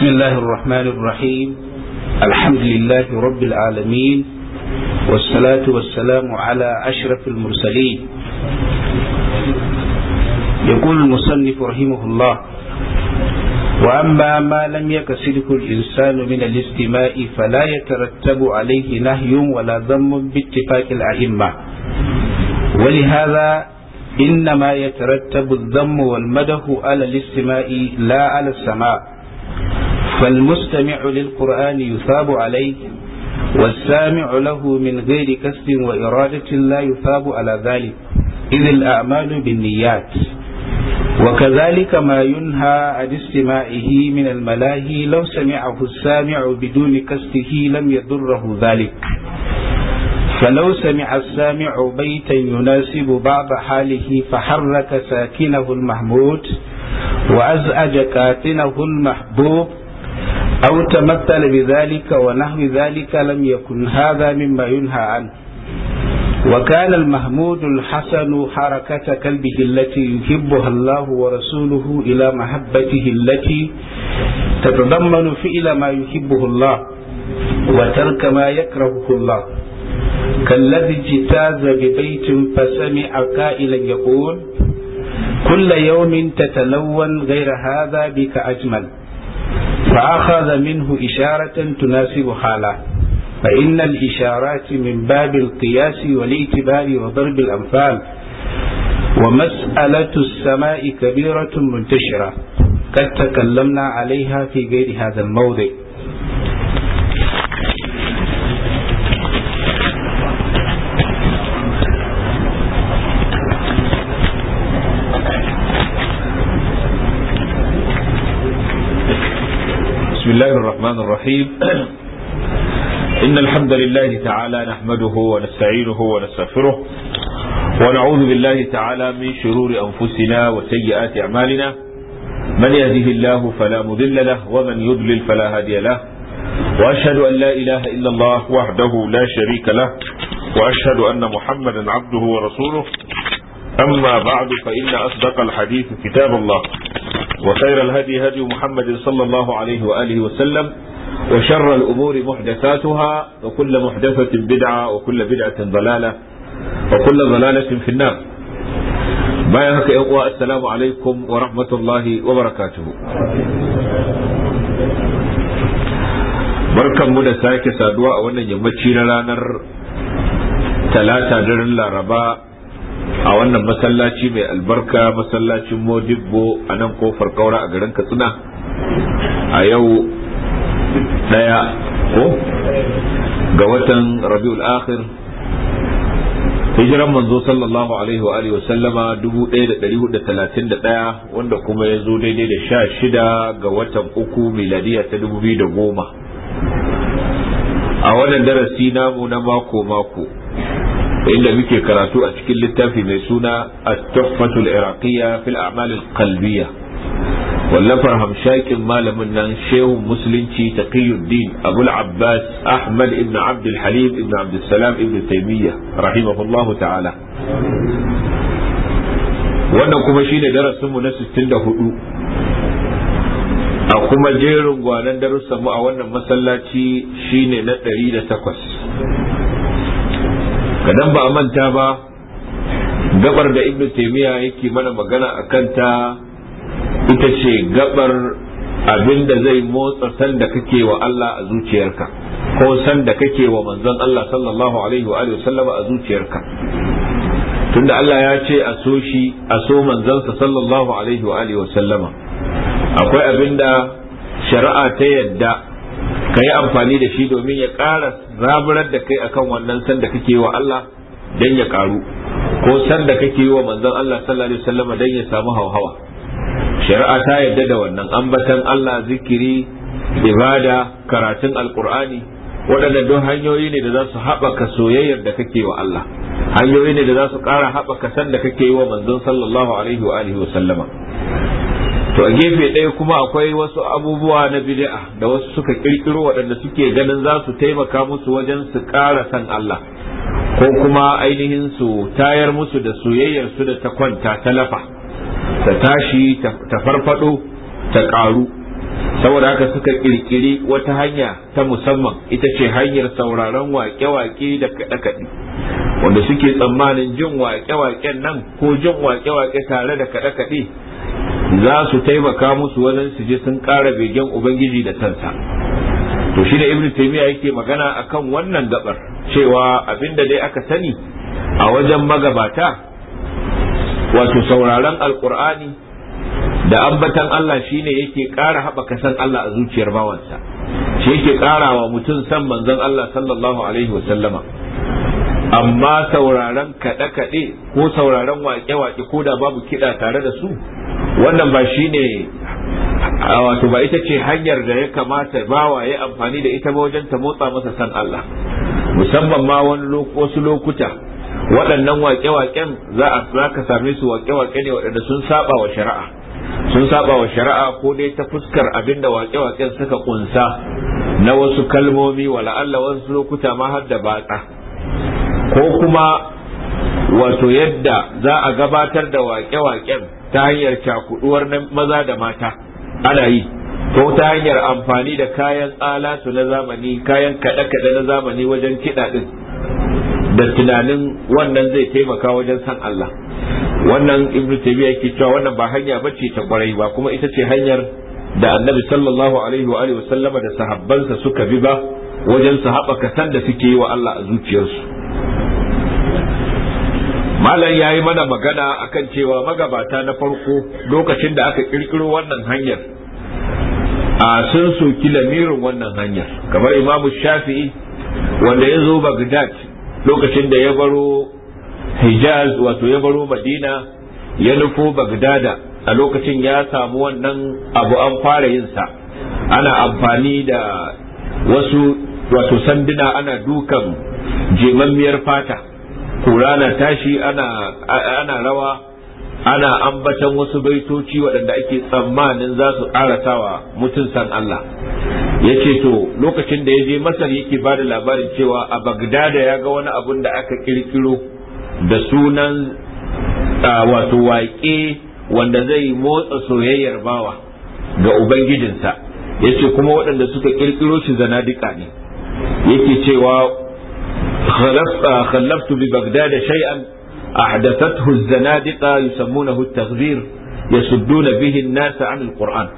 بسم الله الرحمن الرحيم الحمد لله رب العالمين والصلاة والسلام على أشرف المرسلين يقول المصنف رحمه الله وأما ما لم يكسره الإنسان من الاستماء فلا يترتب عليه نهي ولا ذم باتفاق الأئمة ولهذا إنما يترتب الذم والمدح على الاستماء لا على السماء فالمستمع للقرآن يثاب عليه والسامع له من غير كسب وإرادة لا يثاب على ذلك إذ الأعمال بالنيات وكذلك ما ينهى عن استماعه من الملاهي لو سمعه السامع بدون كسبه لم يضره ذلك فلو سمع السامع بيتا يناسب بعض حاله فحرك ساكنه المحمود وأزعج كاتنه المحبوب أو تمثل بذلك ونحو ذلك لم يكن هذا مما ينهى عنه وكان المحمود الحسن حركة كلبه التي يحبها الله ورسوله إلى محبته التي تتضمن فعل ما يحبه الله وترك ما يكرهه الله كالذي اجتاز ببيت فسمع قائلا يقول كل يوم تتلون غير هذا بك أجمل فأخذ منه إشارة تناسب حاله فإن الإشارات من باب القياس والاعتبار وضرب الأمثال ومسألة السماء كبيرة منتشرة قد تكلمنا عليها في غير هذا الموضع بسم الله الرحمن الرحيم إن الحمد لله تعالى نحمده ونستعينه ونستغفره ونعوذ بالله تعالى من شرور أنفسنا وسيئات أعمالنا من يهده الله فلا مضل له ومن يضلل فلا هادي له وأشهد أن لا إله إلا الله وحده لا شريك له وأشهد أن محمدا عبده ورسوله أما بعد فإن أصدق الحديث كتاب الله وخير الهدي هدي محمد صلى الله عليه وآله وسلم وشر الأمور محدثاتها وكل محدثة بدعة وكل بدعة ضلالة وكل ضلالة في النار ما يا السلام عليكم ورحمة الله وبركاته بركة da sake saduwa a wannan لانر ثلاثة ranar talata a wannan masallaci mai albarka masallacin modibbo a nan kofar kaura a garin katsina a yau daya ko ga watan rabiul akhir hijiran manzo sallallahu alaihi wa alihi sallama 1431 wanda kuma ya zo daidai da sha shida ga watan uku miladiya ta goma. a wannan darasi namu na mako mako inda muke karatu a cikin littafi mai suna at-tuhfatul iraqiyya fil a'mal al-qalbiyya wallafar hamshakin malamin nan shehun musulunci taqiyuddin abul abbas ahmad ibn abd al-halim ibn abd salam ibn taymiyyah rahimahullah ta'ala wannan kuma shine darasinmu na 64 a kuma jerin gwanan darussanmu a wannan masallaci shine na 108 kadan ba manta ba gabar da ibnu taimiyya yake mana magana a kanta ita ce gabar abin da zai motsa san da kake wa Allah a zuciyarka ko san da kake wa manzon Allah sallallahu alaihi wa sallama a zuciyarka tunda Allah ya ce a so shi a so manzansa sallallahu alaihi wa sallama akwai abin da shari'a ta yadda ka yi amfani da shi domin ya ƙara zaburar da kai akan wannan san da kake wa Allah dan ya ƙaru ko san da kake wa manzon Allah sallallahu alaihi wasallam dan ya samu hauhawa shari'a ta yarda da wannan ambatan Allah zikiri ibada karatun alqur'ani waɗanda duk hanyoyi ne da za su haɓaka soyayyar da kake wa Allah hanyoyi ne da za su ƙara haɓaka san da kake yi wa manzon sallallahu alaihi wa alihi wasallama to a gefe ɗaya kuma akwai wasu abubuwa na bid'a da wasu suka kirkiro waɗanda suke ganin za su taimaka musu wajen su ƙara san Allah ko kuma ainihin su tayar musu da soyayyar su da ta kwanta ta lafa ta tashi ta farfado ta ƙaru saboda haka suka kirkiri wata hanya ta musamman ita ce hanyar sauraron waƙe-waƙe da kaɗe-kaɗe wanda suke tsammanin jin waƙe-waƙen nan ko jin waƙe-waƙe tare da kaɗe-kaɗe za su taimaka musu wajen su je sun ƙara begen ubangiji da kansa to shi da ibn taymiya yake magana akan wannan gabar cewa abinda dai aka sani a wajen magabata wato sauraron alkur'ani da ambatan Allah shine yake ƙara haɓaka san Allah a zuciyar bawansa shi yake ƙara wa mutum san manzon Allah sallallahu alaihi wa sallama amma sauraron kaɗe-kaɗe ko sauraron wake-wake ko da babu kiɗa tare da su wannan ba shi ne wato ba ita ce hanyar da ya kamata ba wa ya amfani da ita ba wajen ta motsa masa san Allah musamman ma wani wasu lokuta waɗannan waƙe-waƙen za ka same su waƙe-waƙe ne waɗanda sun saba wa shari'a sun saba wa shari'a ko dai ta fuskar abin da waƙe-waƙen suka kunsa na wasu kalmomi la'alla wasu lokuta ma har da batsa ko kuma wato yadda za a gabatar da waƙe-waƙen ta hanyar cakuduwar maza da mata ana yi ko ta hanyar amfani da kayan alatu na zamani kayan kaɗe-kaɗe na zamani wajen kiɗa ɗin da tunanin wannan zai taimaka wajen san Allah wannan ibnu taymiya yake cewa wannan ba hanya bace ta kwarai ba kuma ita ce hanyar da annabi sallallahu alaihi wa sallama da sahabbansa suka bi ba wajen su haɓaka san da suke yi wa Allah a zuciyarsu malam ya yi mana magana a kan cewa magabata na farko lokacin da aka kirkiro wannan hanyar a sun soki lamirin wannan hanyar kamar imamu shafi'i wanda ya zo bagdad lokacin da ya baro hijaz wato ya baro madina ya nufo bagdada a lokacin ya samu wannan abu an fara yinsa ana amfani da wasu wato sanduna ana dukan jemammiyar fata kurana tashi ana rawa ana ambatan wasu baitoci waɗanda ake tsammanin za su ƙaratawa mutum san Allah ya ce to lokacin da ya je masar yake ba da labarin cewa a bagdada ya ga wani abun da aka kirkiro da sunan wato waƙe wanda zai motsa soyayyar bawa ga ubangijinsa ya ce kuma waɗanda suka kirkiro shi zanadika ne yake cewa خلفت ببغداد شيئا أحدثته الزنادقة يسمونه التغذير يسدون به الناس عن القرآن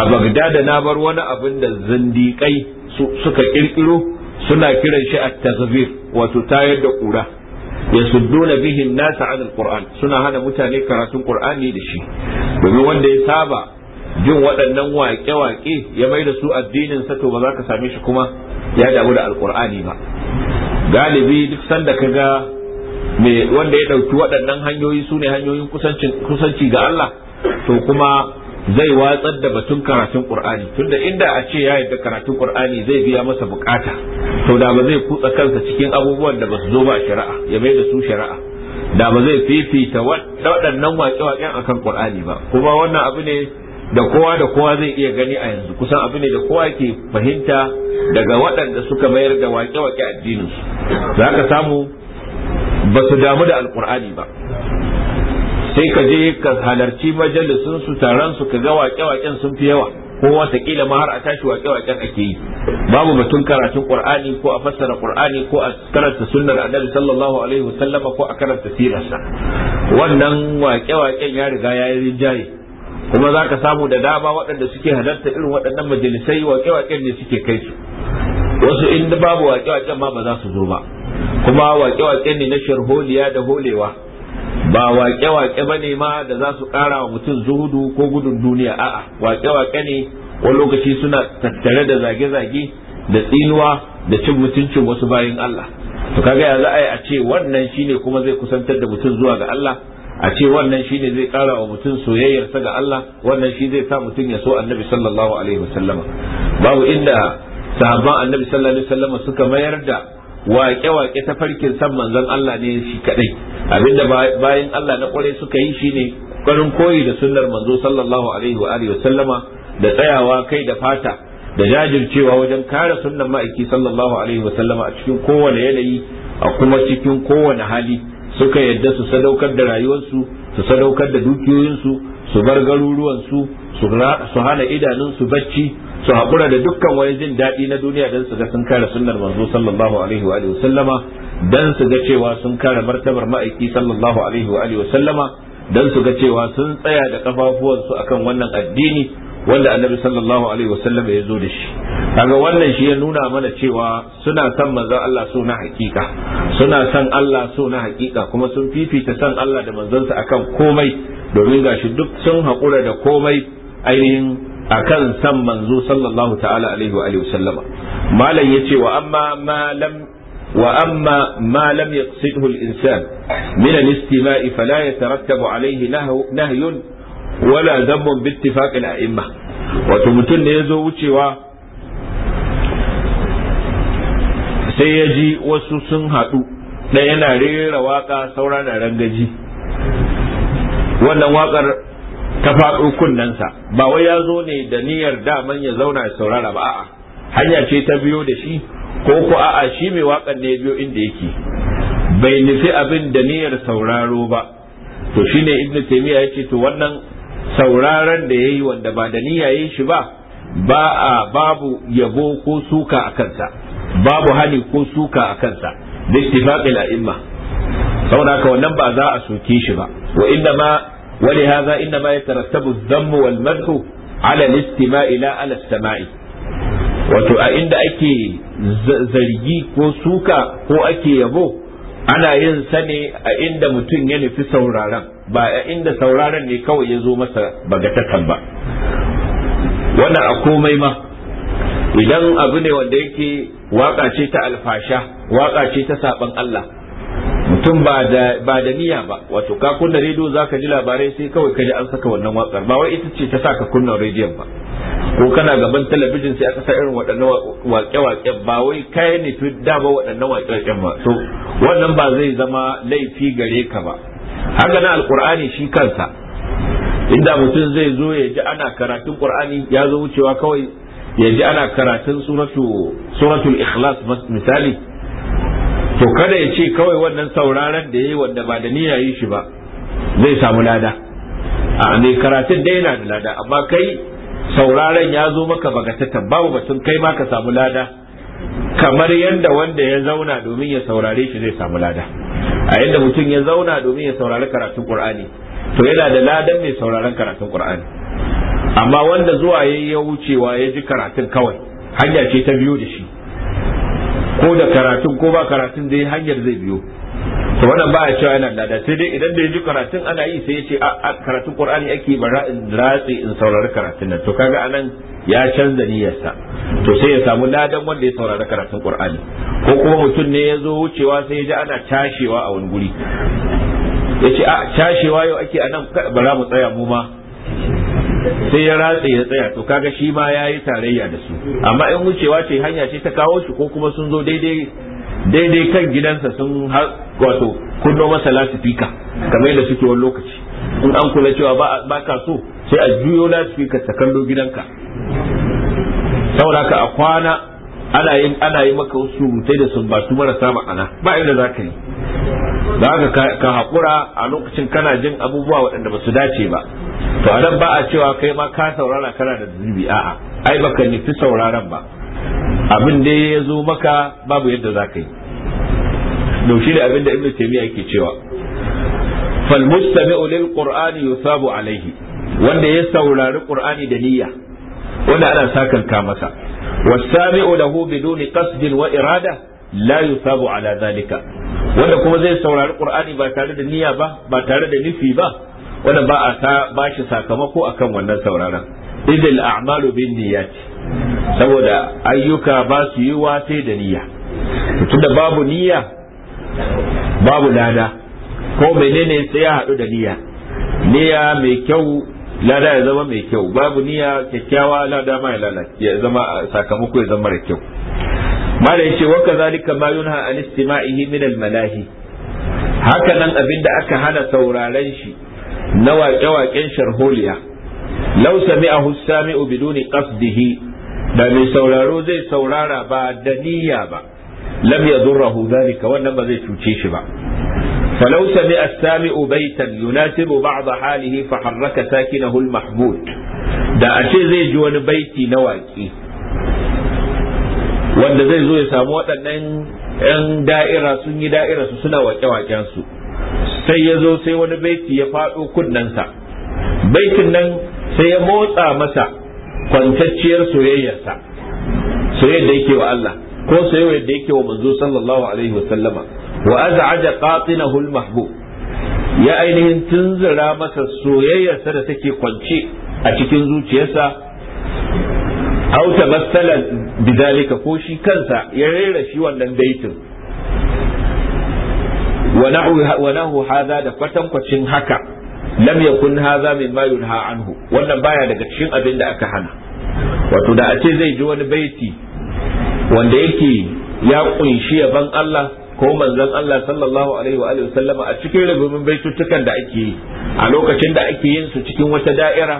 أبغداد نابر وانا أبن الزنديقي سكا إلقلو سنا كلا wato التغذير وتتايد ƙura yasudduna bihi an-nas 'an al-Qur'an suna hana mutane karatun Qur'ani da shi domin wanda ya saba jin waɗannan waƙe-waƙe ya mai da su addinin sa to ba za ka same shi kuma ya damu da al ba galibi duk sanda ka ga wanda ya ɗauki waɗannan hanyoyi su ne hanyoyin kusanci ga Allah to kuma zai watsar da batun karatun qur'ani tunda inda a ce ya yadda karatun qur'ani zai biya masa bukata to da ba zai kutsa kansa cikin abubuwan da ba su zo ba shari'a ya mai da su shari'a da ba zai fifita waɗannan wake waƙen akan qur'ani ba kuma wannan abu ne da kowa da kowa zai iya gani a yanzu kusan abu ne da kowa ke fahimta daga waɗanda suka mayar da waƙe-waƙe addinin za ka samu ba su damu da alkur'ani ba sai ka je ka halarci majalisun su taron su ka ga waƙe-waƙen sun fi yawa ko kila ma har a tashi waƙe-waƙen ake yi babu batun karatun qur'ani ko a fassara qur'ani ko a karanta sunnar annabi sallallahu alaihi wasallama ko a karanta sirarsa wannan waƙe-waƙen ya riga ya yi rinjaye kuma za ka samu da dama waɗanda suke halarta irin waɗannan majalisai waƙe-waƙen ne suke kai su wasu in babu waƙe-waƙen ma ba za su zo ba kuma waƙe-waƙen ne na sharholiya da holewa ba waƙe-waƙe ba ne ma da za su ƙara wa mutum zuhudu ko gudun duniya a'a waƙe-waƙe ne wani lokaci suna tattare da zage-zage da tsinuwa da cin mutuncin wasu bayin Allah to kaga ya za a yi a ce wannan shine kuma zai kusantar da mutum zuwa ga Allah a ce wannan ne zai kara wa mutum soyayyarsa ga Allah wannan shi zai sa mutum ya so annabi sallallahu alaihi wasallama babu inda sahabban annabi sallallahu alaihi wasallama suka mayar da waƙe-waƙe ta farkin san manzon Allah ne shi kadai abinda bayan Allah na kwarai suka yi shine karin koyi da sunnar manzo sallallahu alaihi wa alihi wasallama da tsayawa kai da fata da jajircewa wajen kare sunnar ma'aiki sallallahu alaihi wasallama a cikin kowane yanayi a kuma cikin kowane hali suka yadda su sadaukar da rayuwarsu su sadaukar da dukiyoyinsu su bar garuruwansu su hana idanunsu bacci su haƙura da dukkan wani jin daɗi na duniya don su ga sun kare sunnar manzo sallallahu alaihi wa sallama don su ga cewa sun kare martabar ma'aiki sallallahu alaihi wa sallama don su ga cewa sun tsaya da kafafuwansu akan wannan addini wanda annabi sallallahu alaihi wasallam ya zo da shi kaga wannan shi ya nuna mana cewa suna son manzon Allah so na hakika suna son Allah so na hakika kuma sun fifita son Allah da manzansa akan komai domin gashi duk sun haƙura da komai ainihin akan san manzo sallallahu ta'ala alaihi wa alihi malam yace wa amma ma lam وأما ما لم يقصده الإنسان من الاستماء فلا يترتب عليه نهي wala dhanbun bi ittifaqil a'imma wato mutum ne yazo wucewa sai ya ji wasu sun haɗu dan yana rera waka saura na rangaji wannan wakar ta faɗo kunnensa ba wai ya zo ne da niyyar daman ya zauna ya saurara ba a'a hanya ce ta biyo da shi ko ku a'a shi mai wakan ne biyo inda yake bai nufi abin da niyyar sauraro ba to shine ibnu taymiya yace to wannan sauraron da yayi wanda ba da niyya yayi shi ba ba a babu yabo ko suka a kansa babu hani ko suka a kansa da ittifaqil a'imma saboda haka wannan ba za a soke shi ba wa inda ma ولهذا إنما يترتب الذم والمدح على الاستماع لا على السماع wato a inda ake zargi ko suka ko ake yabo ana yin sa ne a inda mutum ya nufi sauraron ba inda sauraron ne kawai ya zo masa bagatakan ba wannan a komai ma idan abu ne wanda yake waka ce ta alfasha waka ce ta saban Allah mutum ba da ba niyya ba wato ka kunna rediyo zaka ji labarai sai kawai ka ji an saka wannan wakar ba wai ita ce ta saka kunna rediyon ba ko kana gaban talabijin sai aka sa irin waɗannan waƙe-waƙe ba wai kai ne da ba waɗannan waƙe-waƙen ba so wannan ba zai zama laifi gare ka ba haka na alkur'ani shi kansa inda mutum zai zo ya ji ana karatun qur'ani ya zo wucewa kawai ya ji ana karatun suratul ikhlas misali to kada ya ce kawai wannan sauraron da ya yi wanda ba da niyya yi shi ba zai samu lada a ne karatun dai yana da lada amma kai sauraron ya zo maka bagatatan babu batun kai ma ka samu lada kamar yadda wanda ya zauna domin ya saurare shi zai samu lada a yadda mutum ya zauna domin ya saurari karatun qur'ani to yana da ladan mai sauraron karatun qur'ani amma wanda zuwa ya ya wucewa ya ji karatun kawai hanya ce ta biyo da shi ko da karatun ko ba karatun dai hanyar zai biyo to wannan ba a cewa yana lada sai dai idan da ya ji karatun ana yi sai ya ce a karatun qur'ani ake bara in ratsi in saurari karatun nan to kaga anan ya canza niyyarsa to sai ya samu ladan wanda ya saurari karatun qur'ani ko kuma mutum ne ya zo wucewa sai ya ji ana tashewa a wani guri ya ce a tashewa yau ake a nan bara mu tsaya mu ma sai ya ratse ya tsaya to kaga shi ma ya yi tarayya da su amma in wucewa ce hanya ce ta kawo shi ko kuma sun zo daidai daidai kan gidansa sun wato kunno masa lasifika kamar da suke wani lokaci in an kula cewa ba ka so sai a juyo loudspeaker ta kallo gidanka saboda ka a kwana ana yi ana yi maka wasu rubutai da sumbatu marasa ma'ana ba inda za ka yi da haka ka haƙura a lokacin kana jin abubuwa waɗanda ba su dace ba to a nan ba a cewa kai ma ka saurara kana da zubi? a'a ai baka nufi sauraron ba abin da ya zo maka babu yadda za ka yi da shi da abin da ibnu taymiya yake cewa fal mustami'u lil qur'ani yusabu alaihi wanda ya saurari qur'ani da niyya wanda ana sakanka masa wasami'u lahu biduni qasdin wa irada la yusabu ala zalika wanda kuma zai saurari qur'ani ba tare da niyya ba ba tare da nufi ba wanda ba a ba shi sakamako akan wannan sauraron idil a'malu bin niyyati saboda ayyuka ba su yi sai da niyya tunda babu niyya babu lada ko menene sai ya haɗu da niyya niyya mai kyau lada ya zama mai kyau babu niyya kyakkyawa lada ma ya lalace ya zama sakamako ya zama mara kyau mala yace wa kazalika ma yunha an istima'ihi min al malahi haka nan abinda aka hana sauraren shi na waƙe-waƙen sharholiya law sami'ahu sami'u biduni qasdihi da mai sauraro zai saurara ba da niyya ba lam yadurruhu zalika wannan ba zai cuce shi ba فلو سمع السامع بيتا يناسب بعض حاله فحرك ساكنه المحمود da a ce zai ji wani baiti na waƙi wanda zai zo ya samu waɗannan 'yan da'ira sun yi da'ira su suna waƙe waƙensu sai ya zo sai wani baiti ya faɗo kunnensa baitin nan sai ya motsa masa kwantacciyar soyayyarsa soyayyar da yake wa Allah ko soyayyar da yake wa manzo sallallahu alaihi wasallama wa az'aja qatinahu al-mahbub ya ainihin tunzura masa soyayyarsa da take kwance a cikin zuciyarsa aw tabassala bidalika ko shi kansa ya rera shi wannan baitin wa nahu hadha da kwatankwacin haka lam yakun hadha mimma yunha anhu wannan baya daga cikin abin da aka hana wato da a ce zai ji wani baiti wanda yake ya kunshi yaban Allah ko manzon Allah sallallahu alaihi wa alihi sallama a cikin rububin baitutukan da ake yi a lokacin da ake yin su cikin wata da'ira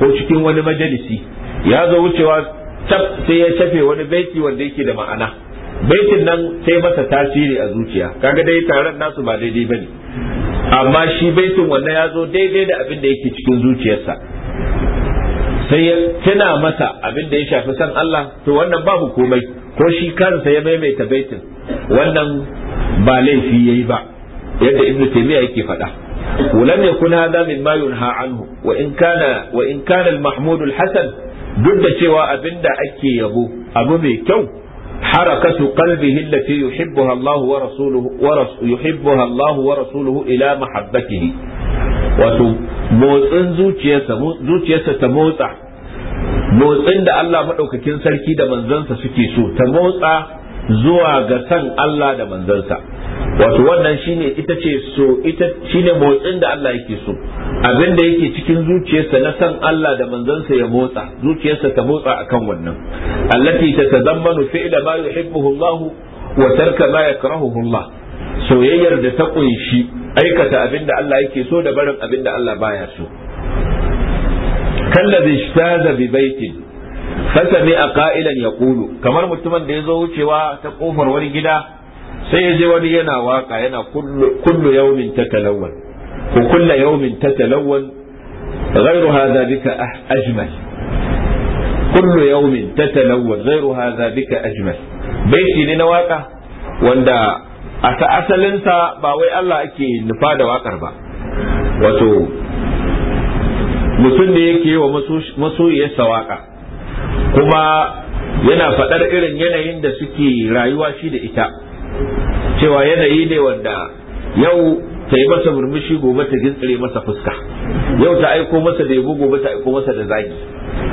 ko cikin wani majalisi ya zo wucewa sai ya tafe wani baiti wanda yake da ma'ana baitin nan sai masa tasiri a zuciya kaga dai taron nasu ba daidai bane amma shi baitin wannan ya zo daidai da abin da yake cikin zuciyarsa sai ya tuna masa abin da ya shafi san Allah to wannan babu komai ko shi kansa ya maimaita baitin wannan ba laifi yayi ba yadda ibnu taymiya yake faɗa ولم يكن هذا مما ينهى عنه وإن كان وإن كان المحمود الحسن ضد شوى أبندا أكي يبو أبو ميكو حركة قلبه التي يحبها الله ورسوله ورس يحبها الله ورسوله إلى محبته وتموت zuciyarsa ta motsa motsin da Allah maɗaukakin sarki da manzansa suke so ta motsa zuwa ga san Allah da manzansa wato wannan shine ita ce so ita shine motsin da Allah yake so abin da yake cikin zuciyarsa na san Allah da manzansa ya motsa zuciyarsa ta motsa akan wannan allati tatazammanu fi'la ma yuhibbuhu Allah wa tarka ma yakrahuhu Allah soyayyar da ta kunshi aikata abin da Allah yake so da barin abin da Allah baya so kallazi ishtaza bi baitin fasami a qa'ilan yaqulu kamar mutumin da ya zo wucewa ta kofar wani gida sai yaje wani yana waka yana kullu yawmin tatalawwan ko kullu yawmin tatalawwan غير هذا بك أجمل ajmal. Baiti ne na waka wanda a بيتي لنا واقع وندا أسأسلنسا باوي الله أكي نفاد واقر با wato mutum ne yake yi wa masoyiyarsa waka kuma yana faɗar irin yanayin da suke rayuwa shi da ita cewa yanayi ne wanda yau ta yi masa murmushi gobe ta gintsire masa fuska yau ta aiko masa da yabo gobe ta aiko masa da zagi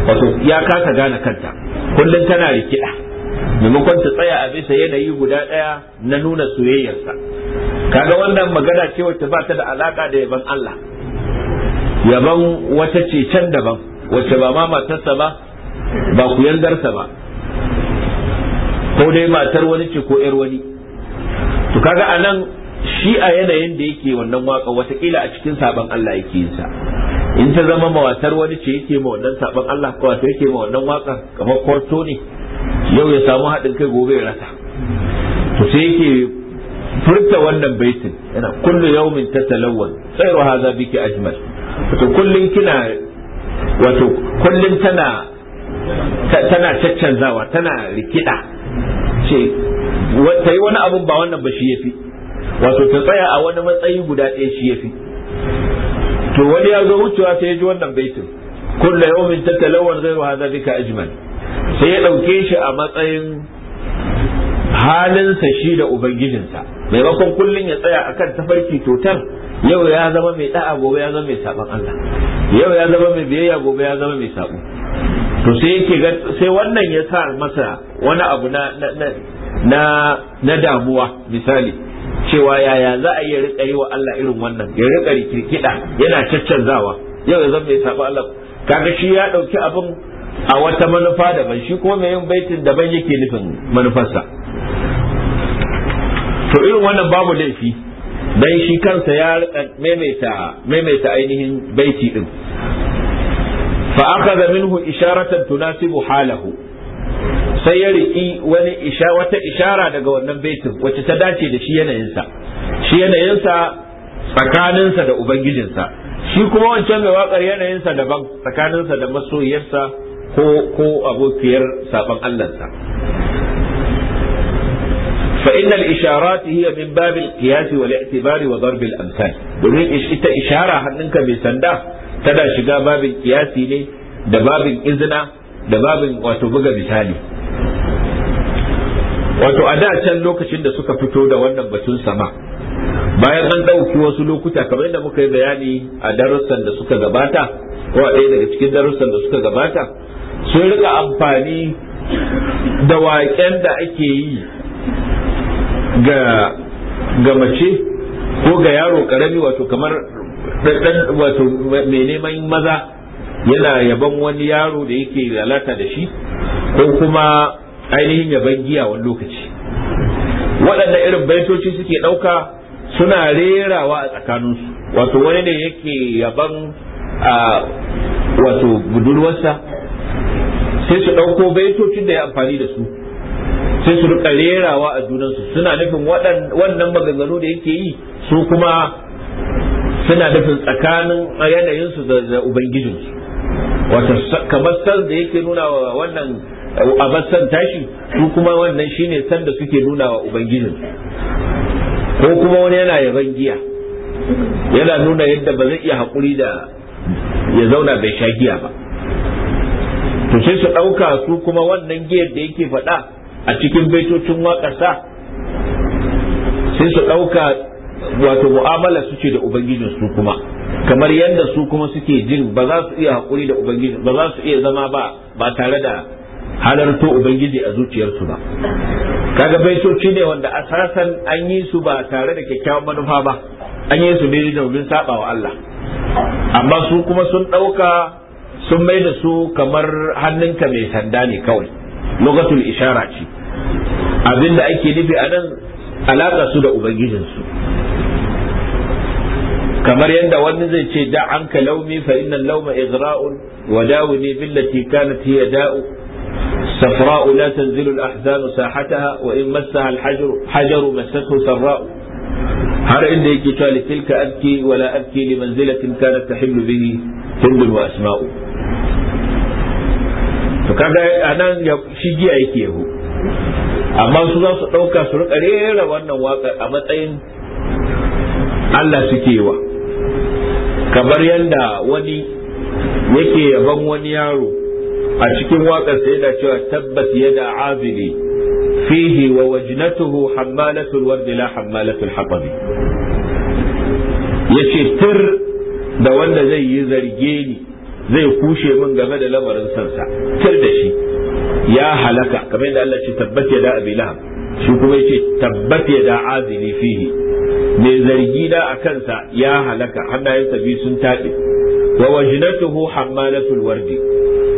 wato ya kasa gane kanta kullum tana rikida maimakon ta tsaya a bisa yanayi guda ɗaya na nuna soyayyarsa kaga wannan magana ce ta ba ta da alaka da yaban Allah yaban wata ce can daban wacce ba ma matarsa ba ba ku yardarsa ba ko dai matar wani ce ko yar wani to kaga anan shi a yanayin da yake wannan waka watakila a cikin saban Allah yake yin sa in ta zama mawatar wani ce yake ma wannan saban Allah ko wato yake ma wannan waka kamar kwarto ne yau ya samu haɗin kai gobe ya rasa to sai yake furta wannan baitin yana kullu yawmin tatalawwan sayru hadha biki ajmal wato kullum kina wato kullum tana tana caccanzawa tana rikida ce ta yi wani abun ba wannan ba shi yafi wato ta tsaya a wani matsayi guda ɗaya shi yafi to wani ya zo wucewa sai ya ji wannan baitin kulla yawmin zai wa hada bika ajman sai ya dauke shi a matsayin halinsa shi da ubangijinsa maimakon kullum ya tsaya akan tafarki total yau ya zama mai da'a gobe ya zama mai sabon Allah yau ya zama mai biyayya gobe ya zama mai sabo to sai yake ga sai wannan ya sa masa wani abu na na na damuwa misali cewa yaya za a iya rika yi wa Allah irin wannan ya rika rikirkida yana caccanzawa yau ya zama mai sabon Allah kaga shi ya dauki abin a wata manufa daban shi kuma mai yin baitin daban yake nufin manufarsa to irin wannan babu laifi dan shi kansa ya rika maimaita ainihin baiti din fa akhadha minhu isharatan tunasibu halahu sai ya riki wani isha wata ishara daga wannan baitin wacce ta dace da shi yanayinsa shi yanayinsa tsakaninsa da ubangijinsa shi kuma wancan mai wakar yanayinsa daban tsakaninsa da masoyiyarsa ko ko abokiyar saban Allahnsa فإن الإشارات هي من باب القياس والاعتبار وضرب الأمثال domin ita ishara hannunka mai sanda tana shiga babin kiyasi ne da babin izina da babin wato buga misali wato a da can lokacin da suka fito da wannan batun sama bayan an ɗauki wasu lokuta kamar da muka yi bayani a darussan da suka gabata ko a ɗaya daga cikin darussan da suka gabata sun rika amfani da waƙen da ake yi ga ga mace ko ga yaro karami wato kamar wato mai neman maza yana yaban wani yaro da yake lalata da shi ko kuma ainihin yaban giya wani lokaci waɗanda irin baitoci suke ɗauka suna rerawa a tsakaninsu wato wani ne yake yaban a wato budurwarsa sai su ɗauko baitocin da ya amfani da su sai su rika rerawa a junansu suna nufin wannan maganganu da yake yi su kuma suna nufin tsakanin yanayinsu da ubangijinsu wato kamar san da yake nuna wa wannan abasan tashi su kuma wannan shine san da suke nuna wa ubangijinsu ko kuma wani yana yaban giya yana nuna yadda ba zai iya haƙuri da ya zauna bai sha giya ba to sai su ɗauka su kuma wannan giyar da yake faɗa a cikin baitocin waƙasa, sai su ɗauka wato mu'amala su da ubangijin su kuma kamar yadda su kuma suke jin ba za su iya haƙuri da ubangiji ba za su iya zama ba ba tare da halarto ubangiji a zuciyarsu ba kaga baitoci ne wanda asasan an yi su ba tare da kyakkyawan manufa ba an yi su ne domin saba wa Allah amma su kuma sun ɗauka sun mai da su kamar hannunka mai sanda ne kawai lugatul ishara ce abin da ake nufi a nan alaƙa su da ubangijinsu kamar yadda wani zai ce da an ka laumi fa inna lauma igra'un wa dawuni billati kanat hiya da'u safra'u la tanzilu al-ahzanu sahataha wa in massaha al hajru hajru massathu sarra'u har inda yake cewa tilka abki wala abki li manzilatin kanat tahillu bihi hindun wa asma'u to kaga anan shi giya yake yabo amma su za su ɗauka su rika rera wannan waƙar a matsayin Allah suke wa kamar yadda wani yake yaban wani yaro a cikin waƙar sai da cewa tabbas yada azili fihi wa wajnatuhu hammalatul wardi la hammalatul haqabi yace tir da wanda zai yi zarge zai kushe min game da lamarin sansa tar da shi ya halaka kamar yadda Allah ce tabbat ya da abi lahab shi kuma yace tabbat ya da azili fihi mai zargi da a kansa ya halaka hannayensa biyu sun taɗe wa wajnatuhu hammalatul wardi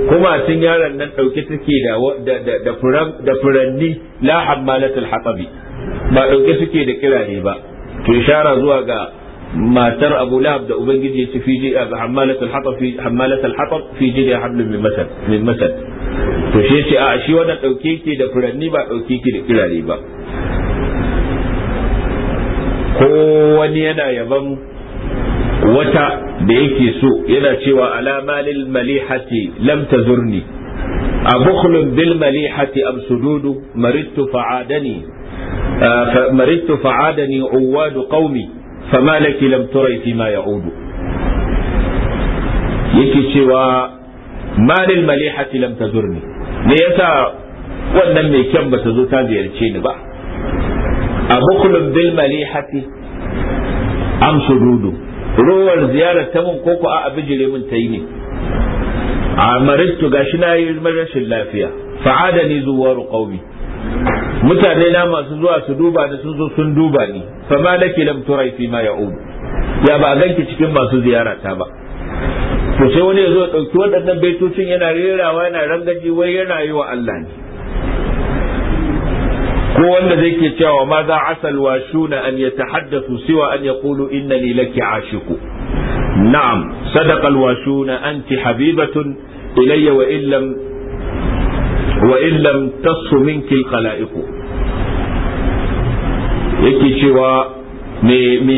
kuma tun yaron nan ɗauke suke da furanni la hammalatul hatabi ba ɗauke suke da kirare ba to ishara zuwa ga matar abu lahab da ubangiji ya ce fi ji hammalat al-hatab fi hammalat fi ji da hablum min masar. min masad to shi yace a shi wannan dauke ki da furanni ba dauke ki da kirare ba ko wani yana yaban wata da yake so yana cewa ala malil malihati lam tazurni أبخل بالمليحة am سدود مرضت فعادني مرضت فعادني uwadu قومي fama laki lam turai fi ma ya'udu yake cewa malil malihati lam tazurni me yasa wannan mai kyan bata zo ta ziyarci ni ba abukulun bil malihati am sududu ruwar ziyarar ta mun koko a abijire mun ta yi ne a maristu gashi na yi rashin lafiya fa'adani ni zuwa qaumi mutane na masu zuwa su duba da sun zo sun duba ni fa ma laki lam turai fi ma ya'ud ya ba ganki cikin masu ziyara ta ba to sai wani ya zo dauki waɗannan baitocin yana rerawa yana rangaji wai yana yi wa Allah ne ko wanda zai ke cewa ma za asal wa shuna an yatahaddathu siwa an yaqulu innani laki ashiqu na'am sadaqa alwashuna anti habibatun ilayya wa illam wa illam tasfu minki alqala'iku yake cewa me me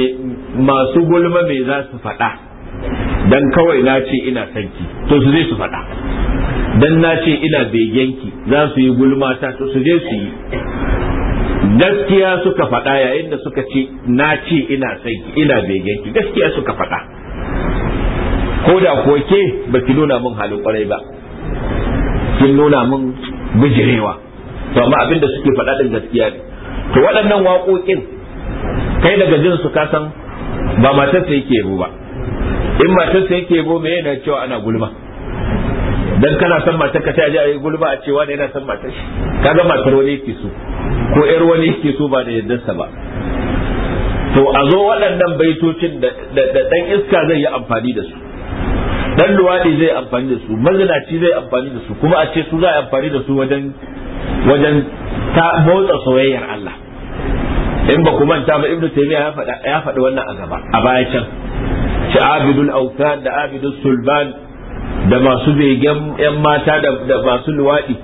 masu gulma me za su faɗa dan kawai na ce ina sanki to su je su faɗa dan na ce ina begenki za su yi gulma ta to su je su yi gaskiya suka faɗa yayin da suka ce na ce ina sanki ina begenki gaskiya suka faɗa ko da kuwa ke ba ki nuna min halin kwarai ba kin nuna min bijirewa to amma abin da suke faɗa din gaskiya ne to waɗannan waƙoƙin kai daga jin su kasan ba matarsa yake yabo ba in matarsa yake yabo me yana cewa ana gulma dan kana san matar ka ta ji ayi gulma a cewa ne yana san matar shi kaga matar wani yake so ko ƴar wani yake so ba da yaddarsa ba to a zo waɗannan baitocin da dan iska zai yi amfani da su dan luwaɗi zai amfani da su mazinaci zai amfani da su kuma a ce su za a amfani da su wajen wajen ta motsa soyayyar Allah in ba kuma manta ba ibnu taymiya ya faɗa ya faɗi wannan a gaba a baya can ci abidul awtan da abidul sulban da masu begen yan mata da masu luwaɗi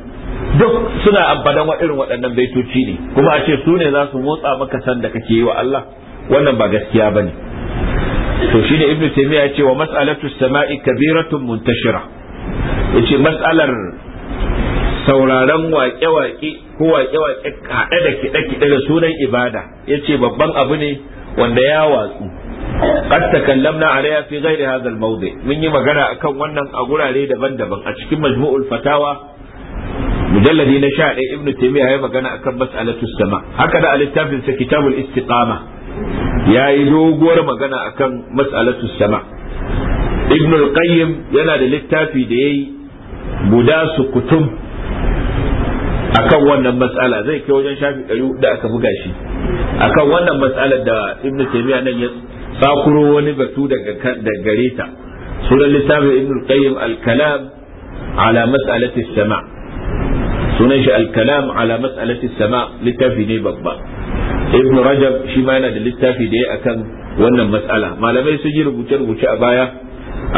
duk suna amfanin wa irin waɗannan baitoci ne kuma a ce su ne za su motsa maka san da kake yi wa Allah wannan ba gaskiya bane to shine ibnu taymiya yace wa mas'alatu sama'i kabiratun muntashira yace mas'alar sauraron waƙe-waƙe ko waƙe-waƙe haɗe da kiɗe-kiɗe da sunan ibada yace babban abu ne wanda ya watsu قد تكلمنا عليها في غير هذا الموضع mun yi magana akan wannan a gurare daban-daban a cikin majmu'ul fatawa mujalladi na sha ɗaya ibnu taymiya ya magana akan mas'alatu sama haka da littafin sa kitabul istiqama ya yi doguwar magana a kan matsalatu sama ibn qayyim yana da littafi da yayi guda su kutum a kan wannan matsala zai kai wajen shafi ɗari da aka buga shi a kan wannan matsalar da ibn taimiyya nan ya sakuro wani batu daga gare ta sunan littafin ibn qayyim al-kalam ala matsalatu sama sunan shi al-kalam ala matsalatu sama littafi ne babba ibn rajab shi ma yana da littafi da ya akan wannan matsala malamai sun yi rubuce-rubuce a baya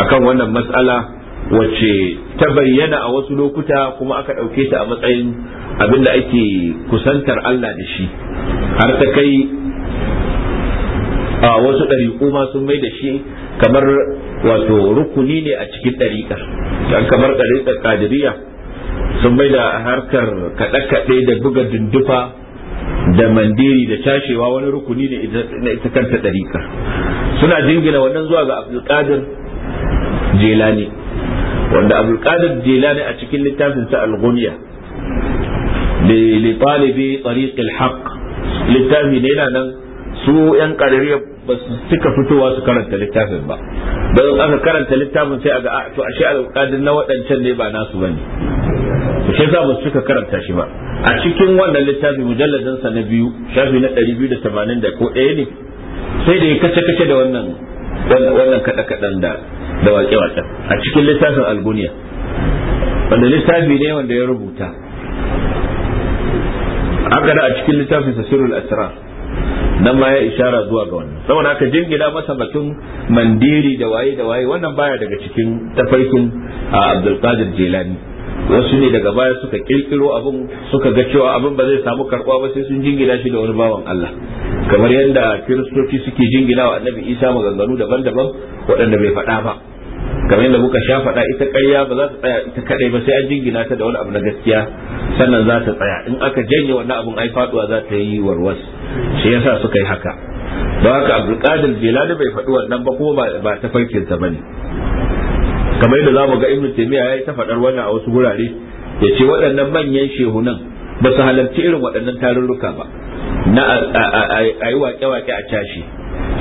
akan wannan matsala wacce ta bayyana a wasu lokuta kuma aka ɗauke ta a matsayin abin da ake kusantar Allah da shi har ta kai a wasu ɗariƙu ma sun mai da shi kamar wato rukuni ne a cikin ɗariƙa don kamar ɗariƙar ƙadiriya sun mai da harkar kaɗe-kaɗe da buga dundufa da mandiri da tashewa wani rukuni ne na ita kanta ɗariƙa suna jingina wannan zuwa ga abdulkadir jelani wanda abdulkadir jelani a cikin littafin sa al-ghunya li talibi tariq al-haq littafi ne yana nan su yan ƙarariya ba su suka fitowa su karanta littafin ba don aka karanta littafin sai a ga to ashe al-qadir na waɗancan ne ba nasu bane to za mu cika karanta shi ba a cikin wannan littafi mujalladin sa na biyu shafi na 280 da ko ɗaya ne sai da ya kace kace da wannan wannan kada kadan da da waƙe waƙe a cikin littafin alguniya wanda littafi ne wanda ya rubuta haka da a cikin littafin sirrul asrar nan ma ya isharar zuwa ga wannan saboda haka jingida masa batun mandiri da waye da waye wannan baya daga cikin tafarkin abdulkadir jelani wasu ne daga baya suka kirkiro abin suka ga cewa abin ba zai samu karɓa ba sai sun jingina shi da wani bawan Allah kamar yadda kiristoci suke jingina wa annabi isa maganganu daban-daban waɗanda bai faɗa ba kamar yadda muka sha faɗa ita ƙarya ba za ta tsaya ita kaɗai ba sai an jingina ta da wani abu na gaskiya sannan za ta tsaya in aka janye wannan abin ai faɗuwa za ta yi warwas shi yasa suka yi haka don haka abdulkadir jelani bai faɗi wannan ba kuma ba ta farkinsa ba ne kamar yadda zamu ga ibnu taymiya yayi ta fadar wannan a wasu gurare yace waɗannan manyan shehunan ba su halarci irin waɗannan tarurruka ba na a yi wake-wake a cashi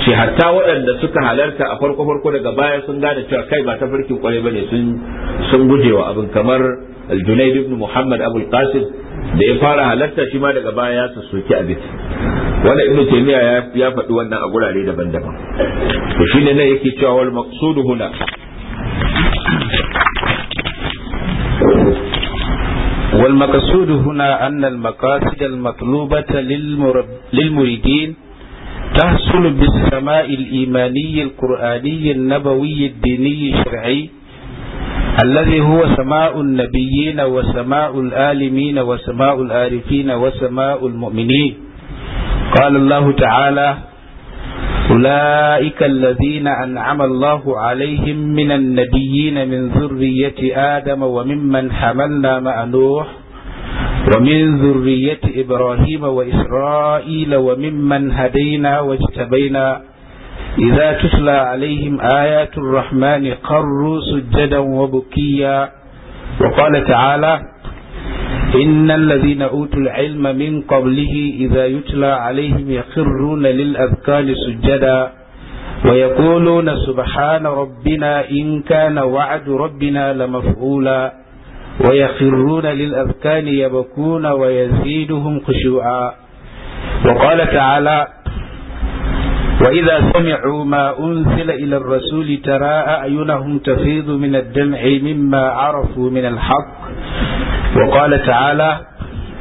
shi hatta waɗanda suka halarta a farko-farko daga baya sun gane cewa kai ba ta farkin kwarai ba ne sun gujewa abin kamar aljunaid ibn muhammad abul qasim da ya fara halarta shi ma daga baya ya sassoki bit wanda Ibnu taymiya ya faɗi wannan a gurare daban-daban to shine ne yake cewa wal maqsudu huna والمقصود هنا أن المقاصد المطلوبة للمريدين تحصل بالسماء الإيماني القرآني النبوي الديني الشرعي الذي هو سماء النبيين وسماء الآلمين وسماء العارفين وسماء المؤمنين قال الله تعالى أولئك الذين أنعم الله عليهم من النبيين من ذرية آدم وممن حملنا مع نوح ومن ذرية إبراهيم وإسرائيل وممن هدينا واجتبينا إذا تتلى عليهم آيات الرحمن قروا سجدا وبكيا وقال تعالى إن الذين أوتوا العلم من قبله إذا يتلى عليهم يخرون للأذكار سجدا ويقولون سبحان ربنا إن كان وعد ربنا لمفعولا ويخرون للأذكار يبكون ويزيدهم خشوعا وقال تعالى وإذا سمعوا ما أنزل إلى الرسول ترى أعينهم تفيض من الدمع مما عرفوا من الحق وقال تعالى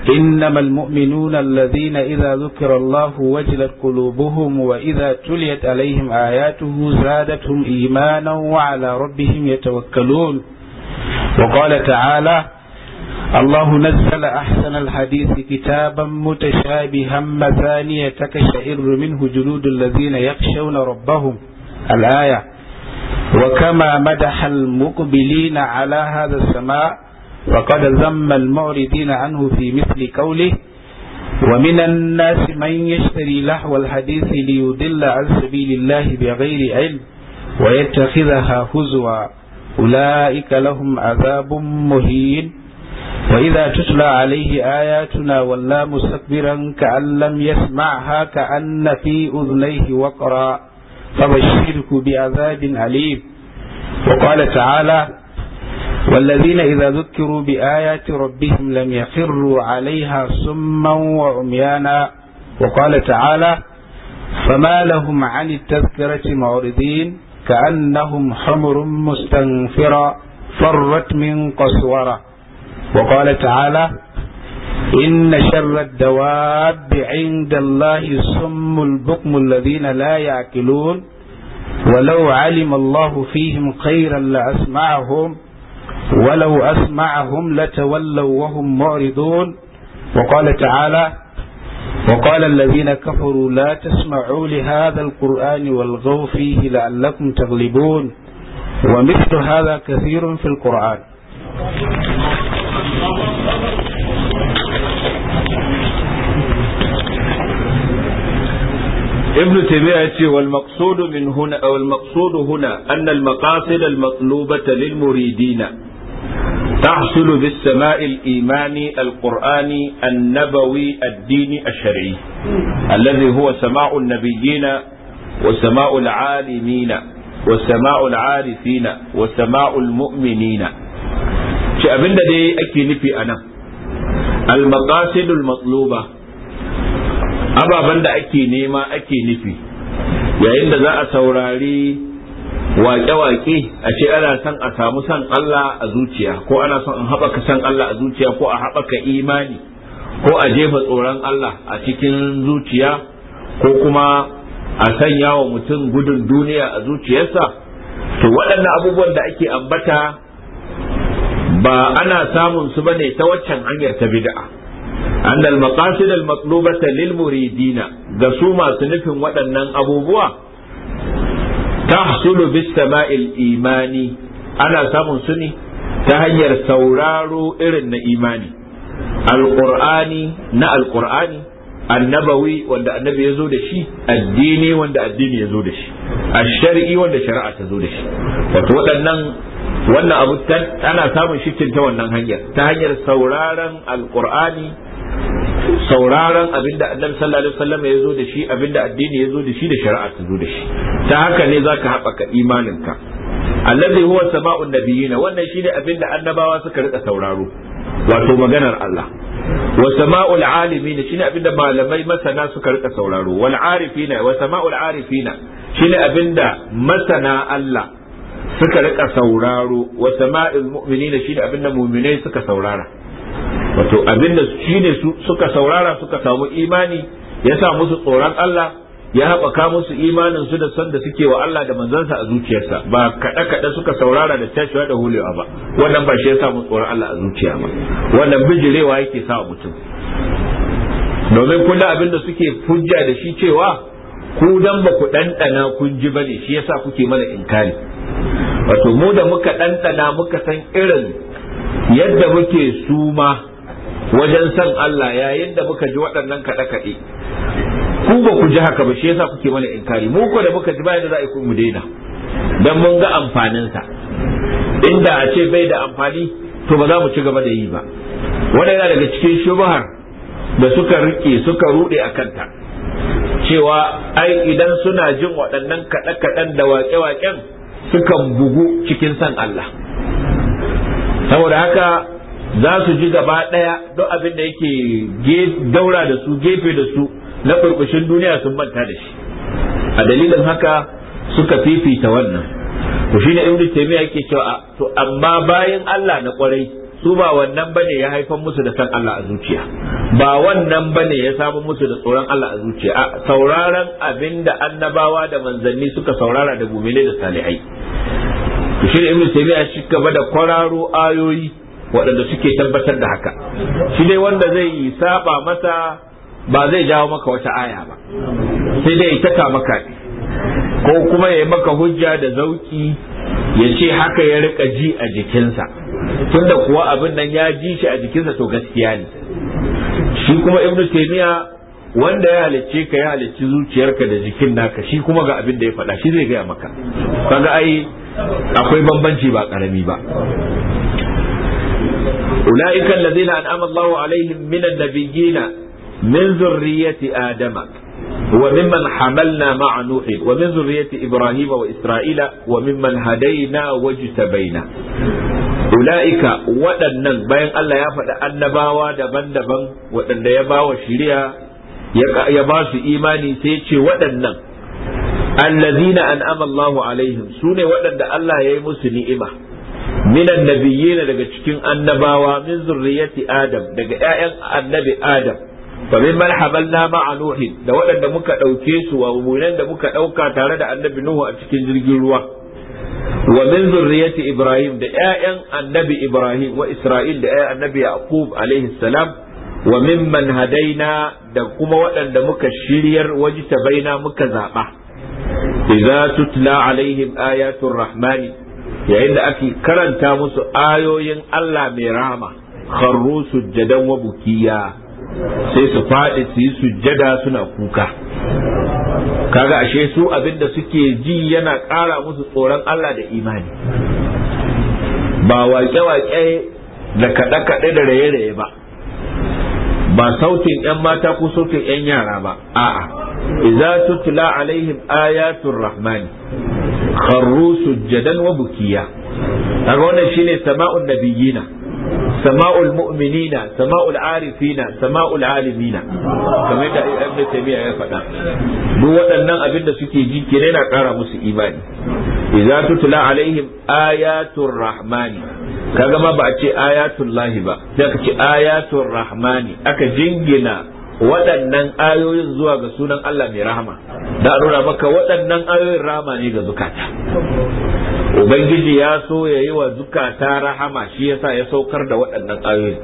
إنما المؤمنون الذين إذا ذكر الله وجلت قلوبهم وإذا تليت عليهم آياته زادتهم إيمانا وعلى ربهم يتوكلون وقال تعالى الله نزل أحسن الحديث كتابا متشابها مثانية تكشئر منه جلود الذين يخشون ربهم الآية وكما مدح المقبلين على هذا السماء وقد ذم المعرضين عنه في مثل قوله ومن الناس من يشتري لحو الحديث ليضل عن سبيل الله بغير علم ويتخذها هزوا أولئك لهم عذاب مهين وإذا تتلى عليه آياتنا ولا مستكبرا كأن لم يسمعها كأن في أذنيه وقرا فبشرك بعذاب أليم وقال تعالى والذين إذا ذكروا بآيات ربهم لم يخروا عليها سما وعميانا وقال تعالى فما لهم عن التذكرة معرضين كأنهم حمر مستنفرة فرت من قسوره وقال تعالى إن شر الدواب عند الله سم البكم الذين لا يعقلون ولو علم الله فيهم خيرا لأسمعهم ولو أسمعهم لتولوا وهم معرضون وقال تعالى وقال الذين كفروا لا تسمعوا لهذا القرآن والغوا فيه لعلكم تغلبون ومثل هذا كثير في القرآن ابن تيمية والمقصود من هنا أو المقصود هنا أن المقاصد المطلوبة للمريدين تحصل بالسماء الإيماني القرآني النبوي الديني الشرعي الذي هو سماع النبيين وسماء العالمين وسماء العارفين وسماء المؤمنين ce abinda dai ake nufi a nan al-maqasidul matluba ababen da ake nema ake nufi yayin da za a saurari waƙe-waƙe a ce ana son a samu son Allah a zuciya ko ana son a haɓaka son Allah a zuciya ko a haɓaka imani ko a jefa tsoron Allah a cikin zuciya ko kuma a sanya wa mutum gudun duniya a zuciyarsa to waɗannan abubuwan da ake ambata ba ana samun su bane ta waccan hanyar ta bid'a anna al-maqasid al-matlubata lil muridina ga su masu nufin waɗannan abubuwa tahsulu bis sama'il imani ana samun su ne ta hanyar sauraro irin na imani al-qur'ani na al-qur'ani al qurani na al qurani annabawi wanda annabi ya zo da shi addini wanda addini ya zo da shi ashari'i wanda shari'a ta zo da shi wato waɗannan wannan abu ana samun shikin ta wannan hanyar ta hanyar sauraron alkur'ani sauraron abinda annabi sallallahu alaihi wasallam ya zo da shi abinda addini ya zo da shi da shari'a ta zo da shi ta haka ne zaka haɓaka imaninka allazi huwa sama'un nabiyina wannan shine abinda annabawa suka rika sauraro wato maganar Allah wa sama'ul alimin shine abinda malamai masana suka rika sauraro wal arifina wa sama'ul arifina shine abinda masana Allah suka rika sauraro wa sama'il mu'minina shine abinda mu'minai suka saurara wato abinda shine suka saurara suka samu imani ya sa musu tsoron Allah ya haɓaka musu imanin su da son da suke wa Allah da manzansa a zuciyarsa ba kaɗe kaɗe suka saurara da tashiwa da hulewa ba wannan ba shi ya samu tsoron Allah a zuciya ba wannan bijirewa yake sa mutum domin kula abin da suke hujja da shi cewa ku dan ba ku ɗanɗana kun ji bane shi yasa kuke mana inkari wato mu da muka ɗanɗana muka san irin yadda muke suma wajen san Allah yayin da muka ji waɗannan kaɗe-kaɗe ku ba ku ji haka ba shi yasa kuke mana inkari mu ko da muka ji bayan da za a yi mu daina dan mun ga amfaninsa inda a ce bai da amfani to ba za mu ci gaba da yi ba wannan yana daga cikin shubhar da suka rike suka rude a kanta cewa ai idan suna jin waɗannan kaɗe-kaɗen da waƙe-waƙen sukan bugu cikin san Allah saboda haka za su ji gaba ɗaya duk abin da yake daura da su gefe da su na burbushin duniya sun manta da shi a dalilin haka suka fifita wannan to ne ibnu taymiya yake cewa to amma bayan Allah na kwarai su ba wannan bane ya haifar musu da san Allah a zuciya ba wannan bane ya samu musu da tsoron Allah a zuciya a sauraron abin da annabawa da manzanni suka saurara da gumile da salihai shi ibn taymiya shi gaba da kwararo ayoyi waɗanda suke tabbatar da haka shi ne wanda zai saba masa ba zai jawo maka wata aya ba sai dai taka maka ko kuma ya yi maka hujja da zauki ya ce haka ya rika ji a jikinsa tunda kuwa abin nan ya ji shi a jikinsa to gaskiya ne shi kuma ibnu taymiya wanda ya halicce ka ya halicci zuciyarka da jikin naka shi kuma ga abin da ya faɗa shi zai gaya maka kaga ai akwai bambanci ba karami ba ulaika allazina an'ama Allahu alaihim minan nabiyina min zurriyyati adama wa mimman hamalna ma'a nuh wa min zurriyyati ibrahima wa isra'ila wa mimman hadaina baina. ula'ika waɗannan bayan Allah ya faɗi annabawa daban-daban waɗanda ya bawa shiriya ya basu su imani sai ce waɗannan allazina an'ama Allahu alaihim su ne waɗanda Allah ya yi musu ni'ima minan nabiyina daga cikin annabawa min zurriyati adam daga 'ya'yan annabi adam fa min man hamalna da waɗanda muka ɗauke su wa da muka ɗauka tare da annabi nuhu a cikin jirgin ruwa wa min zurriyyati ibrahim da ƴaƴan annabi ibrahim wa isra'il da ƴaƴan annabi yaqub alaihi salam wa mimman hadaina da kuma waɗanda muka shiryar waji baina muka zaɓa idza tutla alaihim ayatul rahmani yayin da ake karanta musu ayoyin Allah mai rahama kharru sujjadan wa bukiya sai su faɗi su yi sujjada suna kuka kaga ashe su abinda suke ji yana ƙara musu tsoron Allah da imani ba waƙe-waƙe da kaɗe-kaɗe da raye-raye ba ba sautin 'yan mata ko sautin 'yan yara ba a'a idza tutla alaihim ayatul rahmani kharru sujjadan wa bukiya kaga wannan shine sama'un nabiyina sama'ul mu'minina sama'ul arifina sama'ul alimina kamar da ibn taymiya ya faɗa duk waɗannan abin da suke ji kenan yana ƙara musu imani idza tutla alaihim ayatul rahmani kaga ma ba a ce ayatul lahi ba sai aka ce ayatul rahmani aka jingina waɗannan ayoyin zuwa ga sunan Allah mai rahama da nuna maka waɗannan ayoyin rahama ne ga zukata ubangiji ya so ya yi wa zukata rahama shi yasa ya saukar da waɗannan ayoyin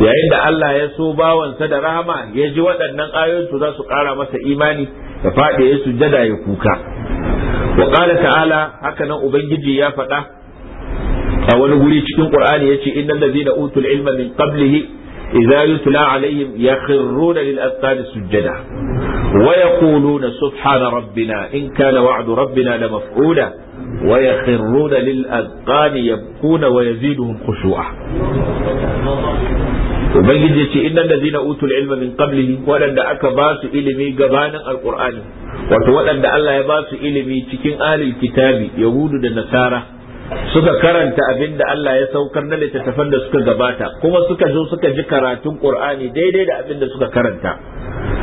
yayin da Allah ya so bawansa da rahama ya ji waɗannan ayoyin to za su ƙara masa imani da faɗi ya sujada ya kuka wa ƙala ta'ala haka nan ubangiji ya faɗa a wani guri cikin ƙur'ani ya ce innal ladina utul ilma min qablihi idza yutla alaihim yakhruna lil azqani sujada wa yaquluna subhana rabbina in kana wa'du rabbina la maf'ula wa yakhruna lil azqani yabkuna wa yaziduhum khushu'a ubangiji ya ce da zina utul ilma min qablihi wadanda aka ba su ilimi gabanin alqur'ani wato waɗanda Allah ya ba su ilimi cikin alil kitabi yahudu da nasara suka karanta abin da Allah ya saukar na littattafan da suka gabata kuma suka zo suka ji karatun Qur'ani daidai da abin da suka karanta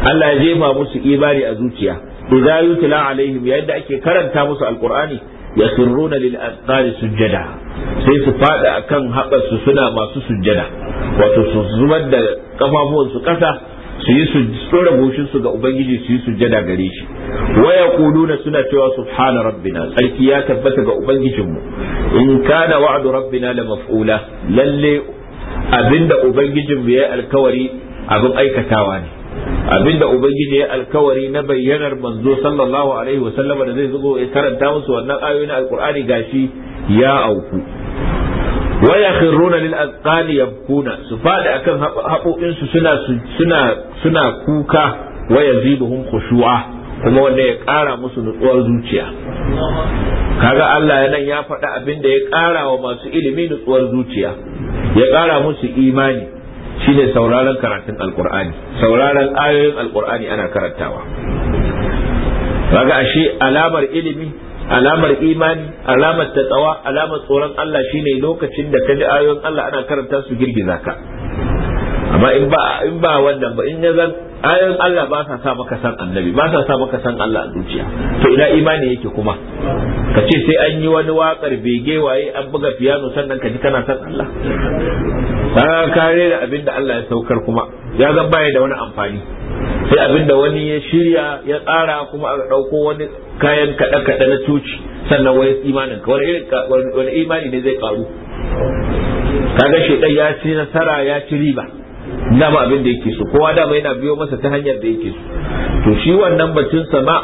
Allah ya jefa musu imani a zuciya idza yutla alaihim yayin da ake karanta musu alqur'ani yasirruna lil azqari sujjada sai su fada akan haɓar su suna masu sujada, wato su zubar da kafafuwan su kasa su yi tsora goshin su ga ubangiji su yi sujjada gare shi waya kuluna suna cewa subhana rabbina tsarki ya tabbata ga ubangijin mu in kana wa'du rabbina la maf'ula lalle abinda ubangijinmu yayi alkawari abin aikatawa ne abinda ubangiji ya alkawari na bayyanar manzo sallallahu alaihi wasallam da zai zugo ya karanta musu wannan ayoyi na alkur'ani gashi ya auku wa yakhruna lil azqani yabkuna su fadi akan haƙoƙin su suna suna suna kuka wa yaziduhum khushu'a kuma wanda ya ƙara musu nutsuwar zuciya kaga Allah ya nan ya faɗa da ya ƙara wa masu ilimi nutsuwar zuciya ya ƙara musu imani shine sauraron karatun alkur'ani sauraron ayoyin alkur'ani ana karantawa Raga ashe alamar ilimi alamar imani alamar tsawa alamar tsoron Allah shine lokacin da ka ji ayoyin Allah ana karanta su girgiza ka amma in ba in ba wannan ba in ya zan ayoyin Allah ba sa sa maka san annabi ba sa sa maka san Allah a zuciya to ina imani yake kuma ka ce sai an yi wani wakar bege waye an buga fiyano sannan ka ji kana san Allah Ba ka rera da abin da Allah ya saukar kuma ya ga baya da wani amfani sai abin da wani ya shirya ya tsara kuma aka ɗauko wani kayan kada kada na cuci sannan wai imanin ka wani imani ne zai karu kaga shedan ya ci nasara ya ci riba dama abin da yake so kowa dama yana biyo masa ta hanyar da yake so to shi wannan batun sama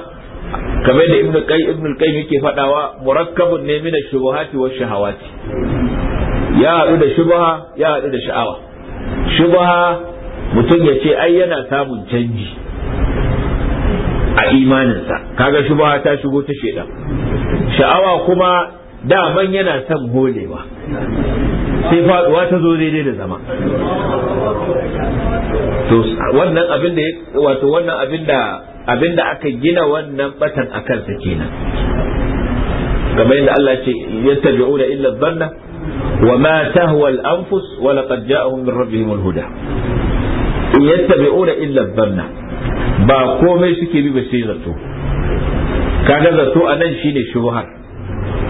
kamar da ibnu kai ibnu kai yake fadawa murakkabun ne min shubuhati wa shahawati ya hadu da shubha ya hadu da sha'awa shubha mutum ya ce ai yana samun canji a imaninsa kaga shubha ta shigo ta sheda sha'awa kuma da man yana son holewa sai faduwa ta zo daidai da zama to wannan abin da wato wannan abin da abin da aka gina wannan batan a kansa kenan kamar yadda Allah ce yattabi'una illa dhanna wa ma tahwa al-anfus wa laqad ja'ahum min rabbihim al-huda yattabi'una illa dhanna ba komai suke bi ba sai zato kaga zato anan shine shubhar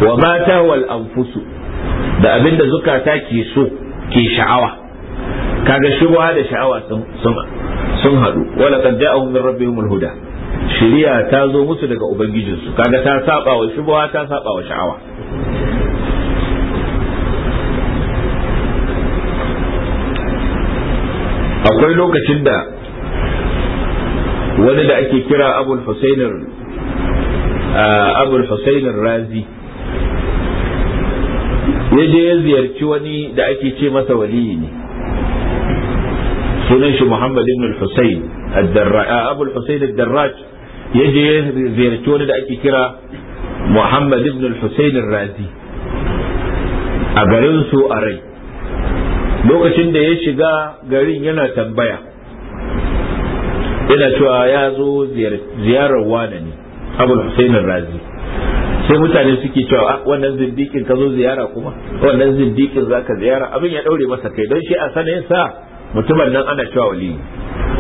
wa ma tahwa al-anfus da abin da zukata ke so ke sha'awa kaga shubha da sha'awa sun sun hadu wala qad ja'ahum min rabbihim alhuda huda shari'a ta zo musu daga ubangijinsu kaga ta saba wa shubha ta saba wa sha'awa akwai lokacin da wani da ake kira abul husainar abul husainar razi ya je ya ziyarci wani da ake ce masa waliyi ne sunan shi Muhammad ibn al-Husayn ad-Darraj Abu al-Husayn ad-Darraj yaje ziyarci wani da ake kira Muhammad ibn al-Husayn ar-Razi a garin su a rai lokacin da ya shiga garin yana tambaya yana cewa ya zo ziyarar wane ne Abu al-Husayn ar-Razi sai mutane suke cewa ah, wannan zindikin ka zo ziyara kuma wannan zindikin za ka ziyara abin ya daure masa kai don shi a sanayin sa mutumin nan ana cewa wali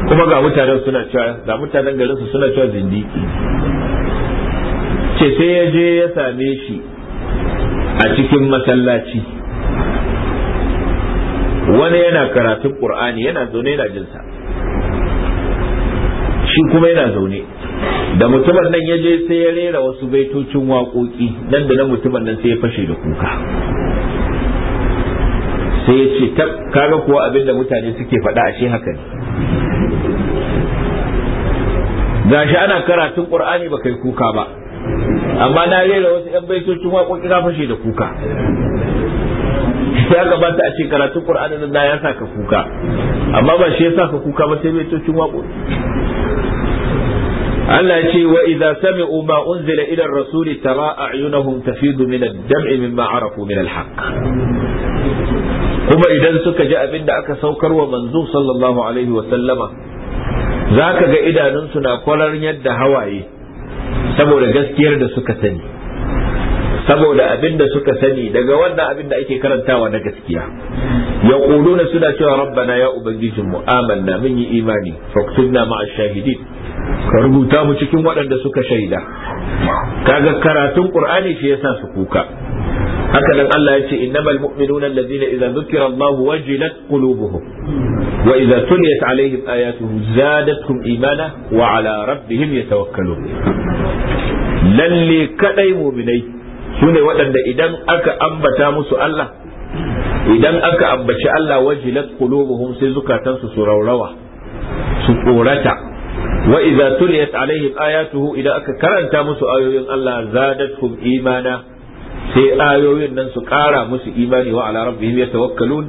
kuma ga mutanen suna cewa ga mutanen garinsu suna cewa zindiki ce sai ya je ya same shi a cikin masallaci wani yana karatun qur'ani yana zaune yana jinsa shi kuma yana zaune da mutumin nan ya je sai ya rera wasu baitocin waƙoƙi nan da nan mutumin nan sai ya fashe da kuka sai ya ce kaga kuwa abinda mutane suke faɗa ashe haka ne shi ana karatun qur'ani ba kai kuka ba amma na rera wasu yan baitocin waƙoƙi na fashe da kuka ya gabata a ce karatun qur'ani nan na ya sa ka kuka amma ba shi ya sa ka kuka ba sai baitocin waƙoƙi Allah ce wa idza sami'u ma unzila ila ar-rasuli tara a'yunahum tafidu min ad-dam'i mimma arafu min al-haqq kuma idan suka ji abin da aka saukar wa manzo sallallahu alaihi wa sallama za ka ga idanunsu na kwarar yadda hawaye saboda gaskiyar da suka sani saboda abin da suka sani daga wannan abin da ake karantawa na gaskiya ya na suna cewa rabbana ya ubangijinmu amanna mun yi imani faktubna ma shahidin ka rubuta mu cikin waɗanda suka shaida kaga karatun qur'ani shi yasa su kuka haka nan Allah ya ce innamal mu'minuna allazina idza dhukira Allah wajilat qulubuhum wa idza tuliyat alaihim ayatuhu zadatkum imana wa ala rabbihim yatawakkalun lalle kadai mu'minai sune waɗanda idan aka ambata musu Allah idan aka ambaci Allah wajilat qulubuhum sai zukatansu su raurawa su tsorata wa idza tuliyat alaihim ayatuhu idan aka karanta musu ayoyin Allah zadatkum imana sai ayoyin nan su ƙara musu imani wa ala rabbihim yatawakkalun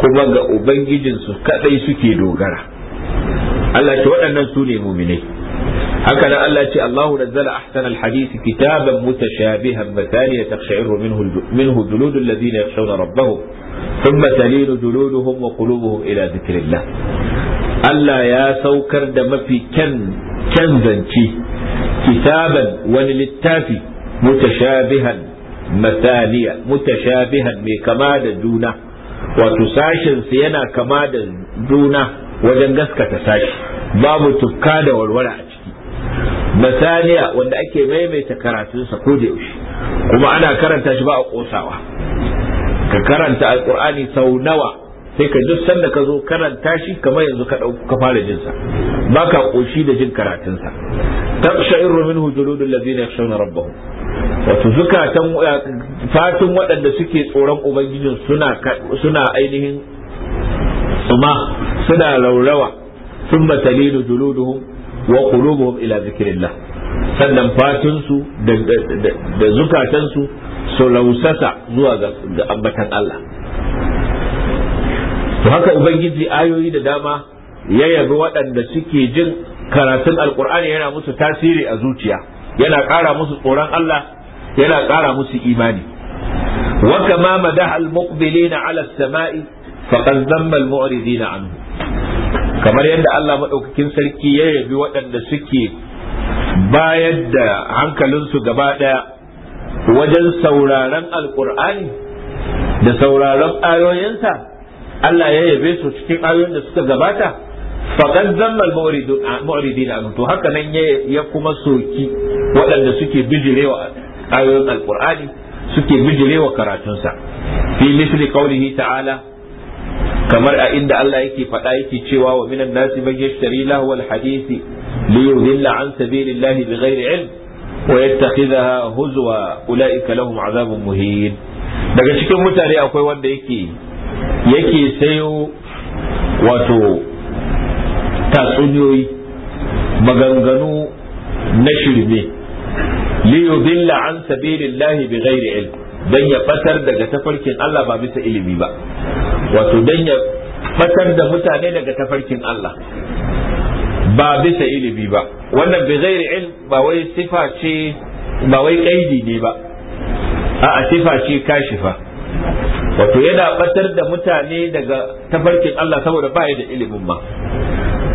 kuma ga ubangijinsu kadai suke dogara Allah ce waɗannan su ne muminai haka nan Allah ce Allahu nazzala ahsana alhadith kitaban mutashabihan mataniya taqsha'iru minhu minhu duludul ladina yakhshawna rabbahum thumma talinu duluduhum wa qulubuhum ila dhikrillah Allah ya saukar da mafi kyan kyan zance kitaban wani littafi mutashabihan mutasha mutashabihan mai kama da juna wato sashin su yana kama da juna wajen gaskata sashi babu tukka da warware a ciki masaniya wanda ake maimaita karatunsa ko da yaushe kuma ana karanta shi ba a kosawa ka karanta alkur'ani sau nawa sai ka duk sanda ka zo karanta shi kamar yanzu kaɗauka, ka fara jinsa ba ka koshi da jin karatunsa taqsha'irru minhu juludul ladzina yakhshawna rabbahum wato zukatan fatin waɗanda suke tsoron ubangijin suna suna ainihin suma suna laurawa thumma talinu juluduhum wa qulubuhum ila zikrillah sannan fatinsu da zukatansu su lausasa zuwa ga ambatan Allah to haka ubangiji ayoyi da dama ya yabi waɗanda suke jin karatun alkur'ani yana musu tasiri a zuciya yana ƙara musu tsoron Allah yana ƙara musu imani wa kama madah almuqbilina ala as-sama'i faqad dhamma almu'ridina anhu kamar yadda Allah madaukakin sarki ya yabi waɗanda suke bayar da hankalinsu gaba ɗaya wajen sauraron alkur'ani da sauraron ayoyinsa Allah ya yabe su cikin ayoyin da suka gabata faɗan zamma al-mu'ridin anhu to haka nan ya kuma soki waɗanda suke bijirewa ayoyin alƙur'ani suke bijirewa karatunsa fi misli qawlihi ta'ala kamar a inda Allah yake faɗa yake cewa wa minan nasi man yashtari lahu al-hadisi li yudilla an sabilillahi bighairi ilm wa yattakhidha huzwa ulaika lahum azabun muhin daga cikin mutane akwai wanda yake yake sayo wato tatsuniyoyi maganganu na shirme liyudilla an sabilillahi bi ghairi ilm dan ya fatar daga tafarkin Allah ba bisa ilimi ba wato dan ya fatar da mutane daga tafarkin Allah ba bisa ilimi ba wannan bi ghairi ilm ba wai sifa ce ba wai kaidi ne ba a sifa ce kashifa wato yana batar da mutane daga tafarkin Allah saboda baya da ilimin ma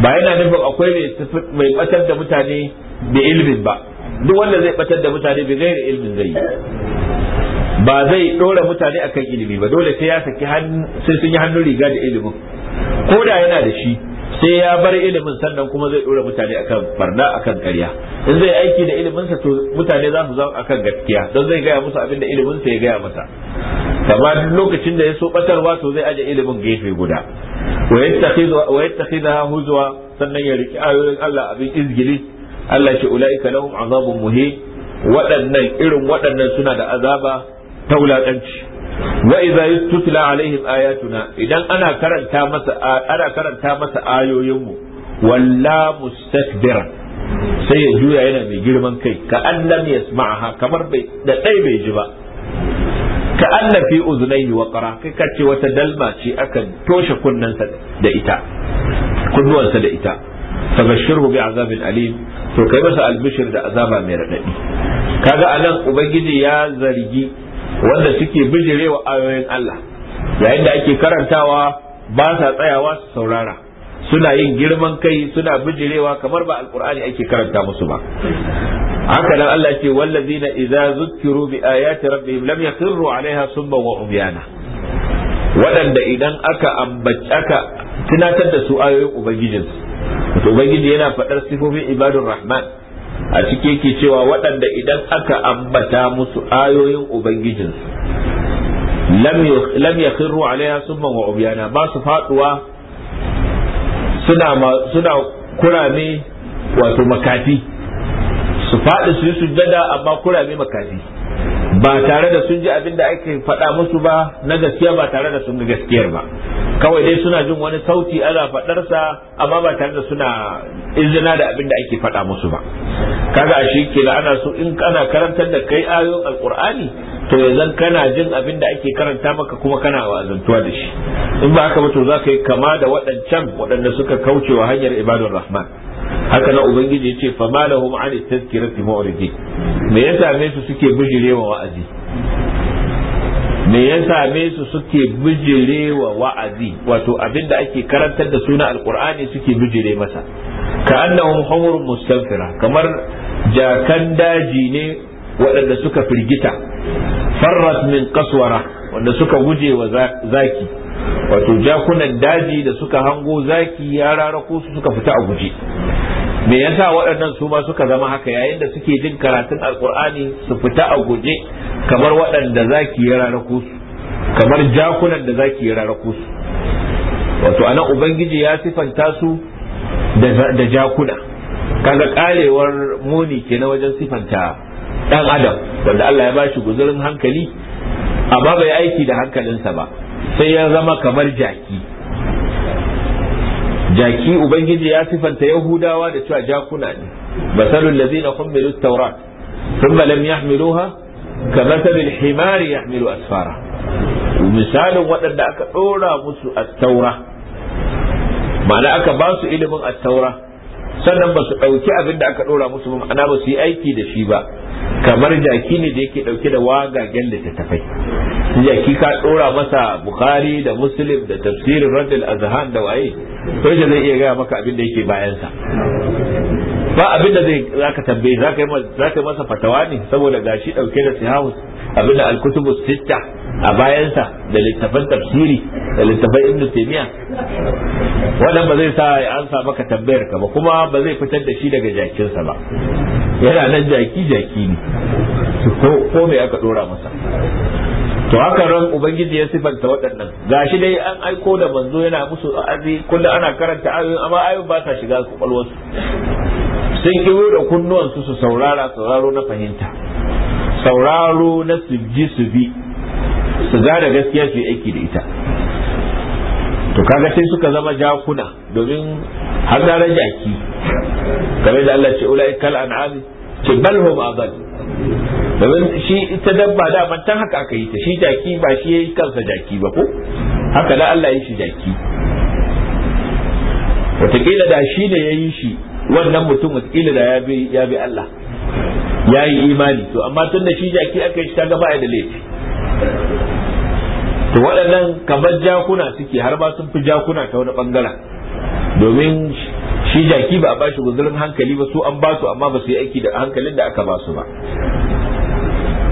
ba yana nufin akwai mai batar da mutane da ilmin ba duk wanda zai batar da mutane bai gaira ilmin zai yi ba zai dora mutane akan ilimi ba dole sai ya saki sai sun yi hannun riga da ilimin ko da yana da shi sai ya bar ilimin sannan kuma zai dora mutane akan barna akan ƙarya in zai aiki da ilimin sa to mutane za su zama akan gaskiya don zai gaya musu abin da ilimin sa ya gaya masa kamar lokacin da ya so batarwa to zai aje ilimin gefe guda wa yattakhidha huzwa sannan ya riki ayoyin Allah abin izgili Allah ce ulaika lahum mu muhin waɗannan irin waɗannan suna da azaba ta wulaƙanci wa idza yutla alaihim ayatuna idan ana karanta masa ana karanta masa ayoyinmu walla mustakbiran sai ya juya yana mai girman kai ka an lam yasma'aha kamar bai da dai bai ji ba ka allafi uzunai wa qara kai ka ce wata dalma ce aka toshe kunnansa da ita kunnuwansa da ita fa bashirhu bi azabin alim to kai masa albishir da azaba mai radadi kaga anan ubangiji ya zargi wanda suke bijirewa ayoyin Allah yayin da ake karantawa ba sa tsayawa su saurara suna yin girman kai suna bijirewa kamar ba alkur'ani ake karanta musu ba haka nan Allah ce wallazina idza zukkiru bi ayati rabbihim lam yakhru alaiha summa wa ubyana waɗanda idan aka ambaci aka tunatar da su ayoyin ubangijin to ubangiji yana faɗar sifofin ibadun rahman a cike yake cewa waɗanda idan aka ambata musu ayoyin ubangijin lam yakhru alaiha summa wa ubyana ba su faduwa suna suna kurame wato makati su faɗi su yi sujjada amma kurame makaji ba tare da sun ji abin da ake faɗa musu ba na gaskiya ba tare da sun ga gaskiyar ba kawai dai suna jin wani sauti ana faɗarsa amma ba tare da suna izina da abin da ake faɗa musu ba kaga a shi ana so in kana karantar da kai ayoyin alkur'ani to yanzu kana jin abin da ake karanta maka kuma kana wa'azantuwa da shi in ba haka ba to za ka yi kama da waɗancan waɗanda suka kauce wa hanyar ibadun rahman haka na ubangiji ya ce fa malahum an tazkirati mu'ridi me ya same su suke bijirewa wa'azi me ya same su suke bijirewa wa'azi wato abinda ake karantar da suna alqur'ani suke bijire masa ka annahum humurun mustanfira kamar jakan daji ne waɗanda suka firgita farrat min kaswara wanda suka guje wa zaki wato jakunan daji da suka hango zaki ya rarako su suka fita a guje me yasa waɗannan su ma suka zama haka yayin da suke jin karatun alkur'ani su fita a guje kamar waɗanda zaki ya rarako su kamar jakunan da zaki ya rarako su wato anan ubangiji ya sifanta su da jakuna kaga karewar muni ke na wajen sifanta dan adam wanda Allah ya bashi guzurin hankali amma bai aiki da hankalinsa ba sai ya zama kamar jaki jaki ubangiji ya sifanta yahudawa da cewa jakuna ne basalul ladina hummilu tawrat thumma lam yahmiluha kamasalil himari yahmilu asfara misalin waɗanda aka ɗora musu at-taura ma'ana aka basu ilimin at-taura sannan ba su ɗauki abin da aka ɗora musu ba basu ba su yi aiki da shi ba kamar jaki ne da yake ɗauke da wagagen littattafai jaki ka ɗora masa bukhari da muslim da tafsirin rajul azhan da waye sai da zai iya gaya maka abin da yake bayansa ba abin da zai zaka tambaye zaka yi masa fatawa ne saboda gashi ɗauke da sihahus abin da alkutubus sitta a bayansa da littafan tafsiri da littafan ibnu taymiya wannan ba zai sa an sa maka tambayar ka ba kuma ba zai fitar da shi daga jakinsa ba yana nan jaki jaki ne ko me aka dora masa to haka ran ubangiji ya sifanta waɗannan gashi dai an aiko da manzo yana musu azi kullum ana karanta ayoyin amma ayoyin ba sa shiga kwakwalwarsu sun kiwo da kunnuwansu su saurara sauraro na fahimta sauraro na su ji su bi su gane gaskiya su yi aiki da ita to kaga sai suka zama jakuna domin har gara jaki kamar da Allah ce ulai kal an'ami ce bal hum adall domin shi ita dabba da man tan haka aka yi ta shi jaki ba shi yayi kansa jaki ba ko haka da Allah ya shi jaki wataƙila da shi ne ya yi shi wannan mutum wataƙila da ya bi Allah ya yi imani to amma tun da shi jaki aka yi ta gaba da laifi to waɗannan kamar jakuna suke har ba sun fi jakuna ta wani bangaren domin shi jaki ba a ba shi guzurin hankali ba su an ba su amma ba su yi aiki da hankalin da aka ba su ba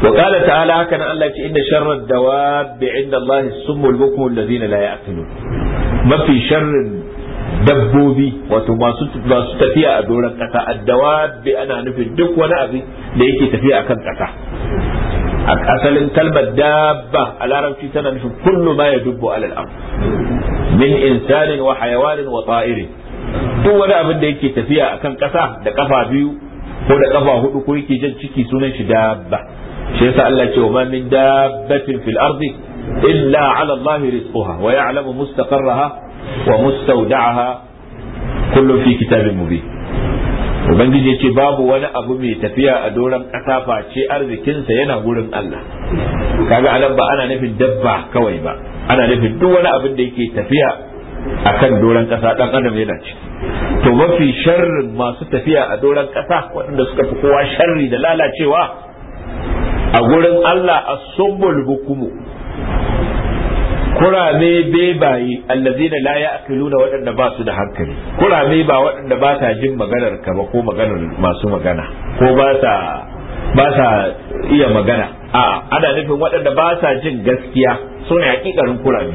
wa qala ta'ala haka nan Allah ce inna sharrad dawab inda Allah sumul bukmu alladhina la ya'qilun mafi sharrin dabbobi wato masu masu tafiya a doron kasa addawa bi ana nufin duk wani abu da yake tafiya akan kasa asalin kalmar dabba a larabci tana nufin kullu ma yadubbu alal ard min insanin wa hayawanin wa ta'irin duk wani abin da yake tafiya akan ƙasa da kafa biyu ko da kafa hudu ko yake jan ciki sunan shi dabba shi yasa Allah ce wa min dabbatin fil ardi illa ala Allah rizquha wa ya'lamu mustaqarraha wa mustawda'aha kullu fi kitabin mubin ubangiji ce babu wani abu mai tafiya a doron ƙasa face arzikinsa yana gurin Allah kaga anan ba ana nufin dabba kawai ba ana nufin duk wani abin da yake tafiya akan kan doron ƙasa ɗan adam yana ci to mafi sharrin masu tafiya a doron ƙasa waɗanda suka fi kowa sharri da lalacewa a gurin Allah a subul bukumu kurame bebaye allazina la ya'kuluna waɗanda ba su da hankali kurame ba waɗanda ba sa jin maganar ka ba ko maganar masu magana ko ba sa ba sa iya magana a ana nufin waɗanda ba sa jin gaskiya ne hakikarin kurame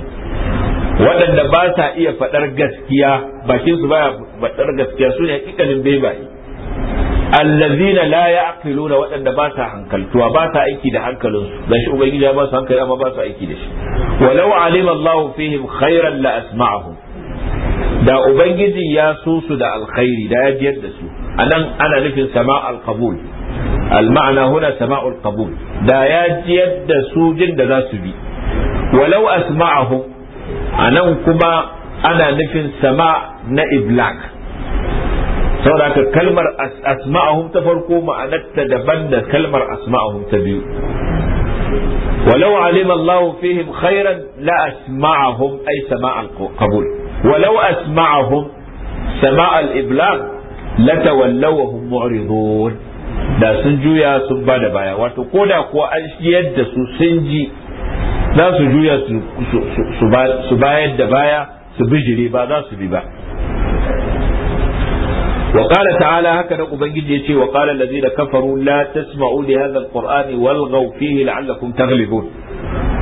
waɗanda ba sa iya faɗar gaskiya bakin su baya faɗar gaskiya sune hakikalin bebaye allazina la ya'qiluna waɗanda ba sa hankaltuwa ba sa aiki da hankalin su dan shi ubangiji ba su hankali amma ba su aiki da shi walau alima Allah fihim khairan la asma'ahum da ubangiji ya so su da alkhairi da ya jiyar da su anan ana nufin sama alqabul da ya سماع القبول su يجد سوجن دا ذا سبي ولو أسمعهم أنا kuma ana nufin sama na iblak saboda haka kalmar asma'ahum ta farko ma'anarta daban da kalmar asma'ahum ta biyu ولو علم الله فيهم خيرا لأسمعهم أي سماع القبول ولو أسمعهم سماع الإبلاغ لتولوا وهم معرضون da sun juya sun ba da baya wato ko da kuwa an shiyar da su sun ji za su juya su bayar da baya su bijire ba za su bi ba wa ta'ala haka da ubangiji yace wa qala allazina kafaru la tasma'u li hadha alqur'ani walghaw fihi la'allakum taghlibun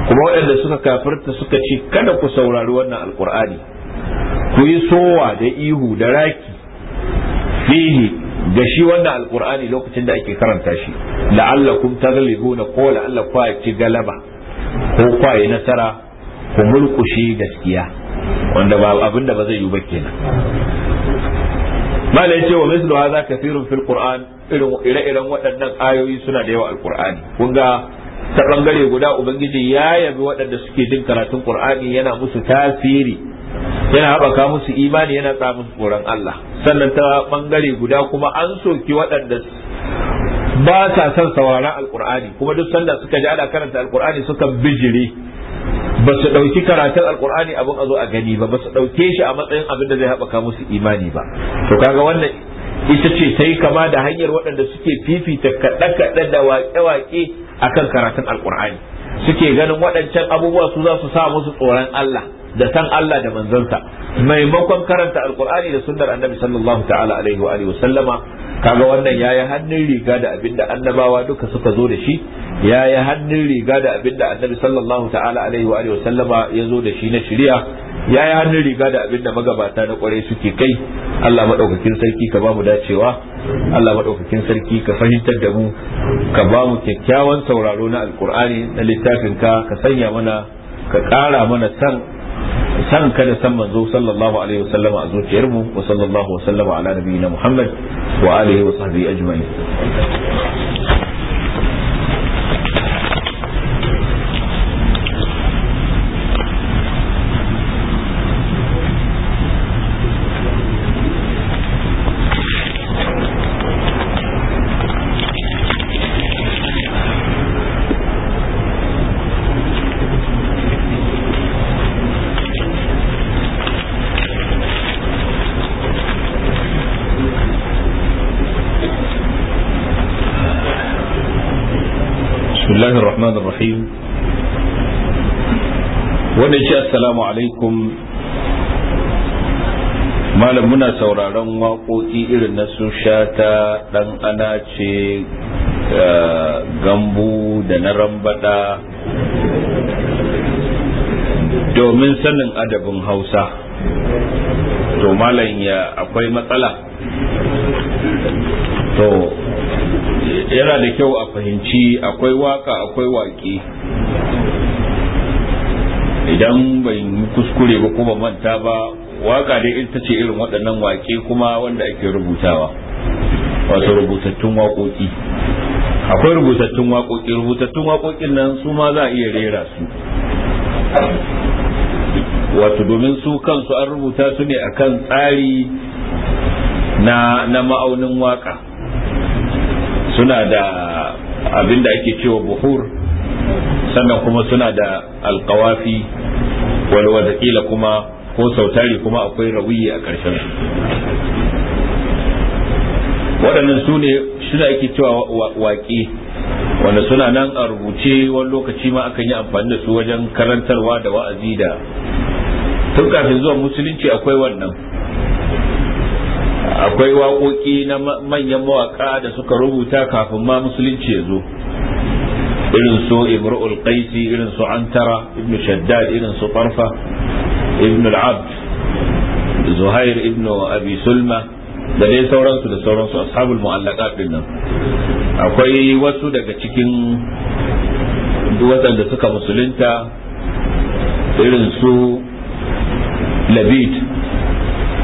kuma waɗanda suka kafirta suka ce kada ku saurari wannan alqur'ani ku yi sowa da ihu da raki fihi ga shi wannan alqur'ani lokacin da ake karanta shi la'allakum taghlibuna ko la'alla galaba ko ku nasara ku mulkushi gaskiya wanda ba abin ba zai yiwu ba kenan mala yace wa mislu za kathirun fil qur'an irin ire-iren waɗannan ayoyi suna da yawa alqur'ani kun ga ta bangare guda ubangiji ya yabi waɗanda suke jin karatun qur'ani yana musu tasiri yana haɓaka musu imani yana tsa musu tsoron Allah sannan ta bangare guda kuma an soki waɗanda ba sa son sauraron alqur'ani kuma duk sanda suka ji ana karanta alqur'ani suka bijire ba su ɗauki karatun alkur'ani abin a zo a gani ba ba su ɗauke shi a matsayin abin da zai haɓaka musu imani ba to kaga wannan ita ce ta yi kama da hanyar waɗanda suke fifita kaɗe-kaɗe da waƙe-waƙe akan karatun alkur'ani suke ganin waɗancan abubuwa su za su sa musu tsoron Allah da san Allah da manzansa maimakon karanta alkur'ani da sunnar annabi sallallahu ta'ala alaihi wa alihi sallama kaga wannan yayi hannun riga da abinda annabawa duka suka zo da shi yayi hannun riga da abinda annabi sallallahu ta'ala alaihi wa alihi sallama ya zo da shi na shari'a yayi hannun riga da abinda magabata na kwarai suke kai Allah madaukakin sarki ka bamu dacewa Allah madaukakin sarki ka fahimtar da mu ka bamu kyakkyawan sauraro na alkur'ani na littafin ka ka sanya mana ka ƙara mana san san ka da san manzo sallallahu alaihi wasallama a zuciyar mu wa sallallahu wasallama ala nabiyina muhammad wa alihi wa sahbihi ajma'in assalamu alaikum malam muna sauraron waƙoƙi irin na su shata ɗan ana ce eh, gambu da na rambaɗa domin sanin adabin hausa to malam ya akwai matsala to yana da kyau a fahimci akwai waka akwai waƙi idan bai kuskure ba ko ba manta ba waka dai ita ce irin waɗannan waƙe kuma wanda ake rubutawa wasu rubutattun waƙoƙi akwai rubutattun waƙoƙi rubutattun waƙoƙin nan su ma za a iya rera su wato domin su kansu an rubuta su ne akan tsari na na ma'aunin waka suna da abin da ake cewa buhur sannan kuma suna da alkawafi wani wataƙila kuma ko sautari kuma akwai rawiyi a ƙarshen su waɗannan su ne suna ake cewa waƙe wanda suna nan a rubuce wani lokaci ma akan yi amfani da su wajen karantarwa da wa'azi da tun kafin zuwa musulunci akwai wannan akwai waƙoƙi na manyan mawaƙa da suka rubuta kafin ma musulunci ya zo irin su imru'ul qaisi irin su antara ibn shaddad irin su tarfa ibn al-abd zuhair ibn abi sulma da dai sauransu da sauransu ashabul mu'allaqat din nan akwai wasu daga cikin waɗanda suka musulunta irin su labid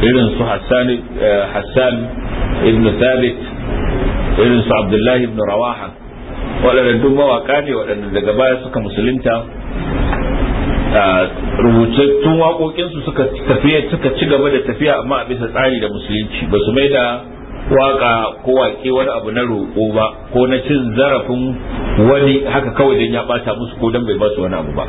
irin su hassan eh, ibn thabit irin su abdullahi ibn rawaha waɗannan duk mawaka ne waɗanda daga baya suka musulunta rubutattun waƙoƙinsu suka tafiya suka ci gaba da tafiya amma a bisa tsari da musulunci ba su mai da waƙa ko waƙe wani abu na roƙo ba ko na cin zarafin wani haka kawai don ya ɓata musu ko don bai ba su wani abu ba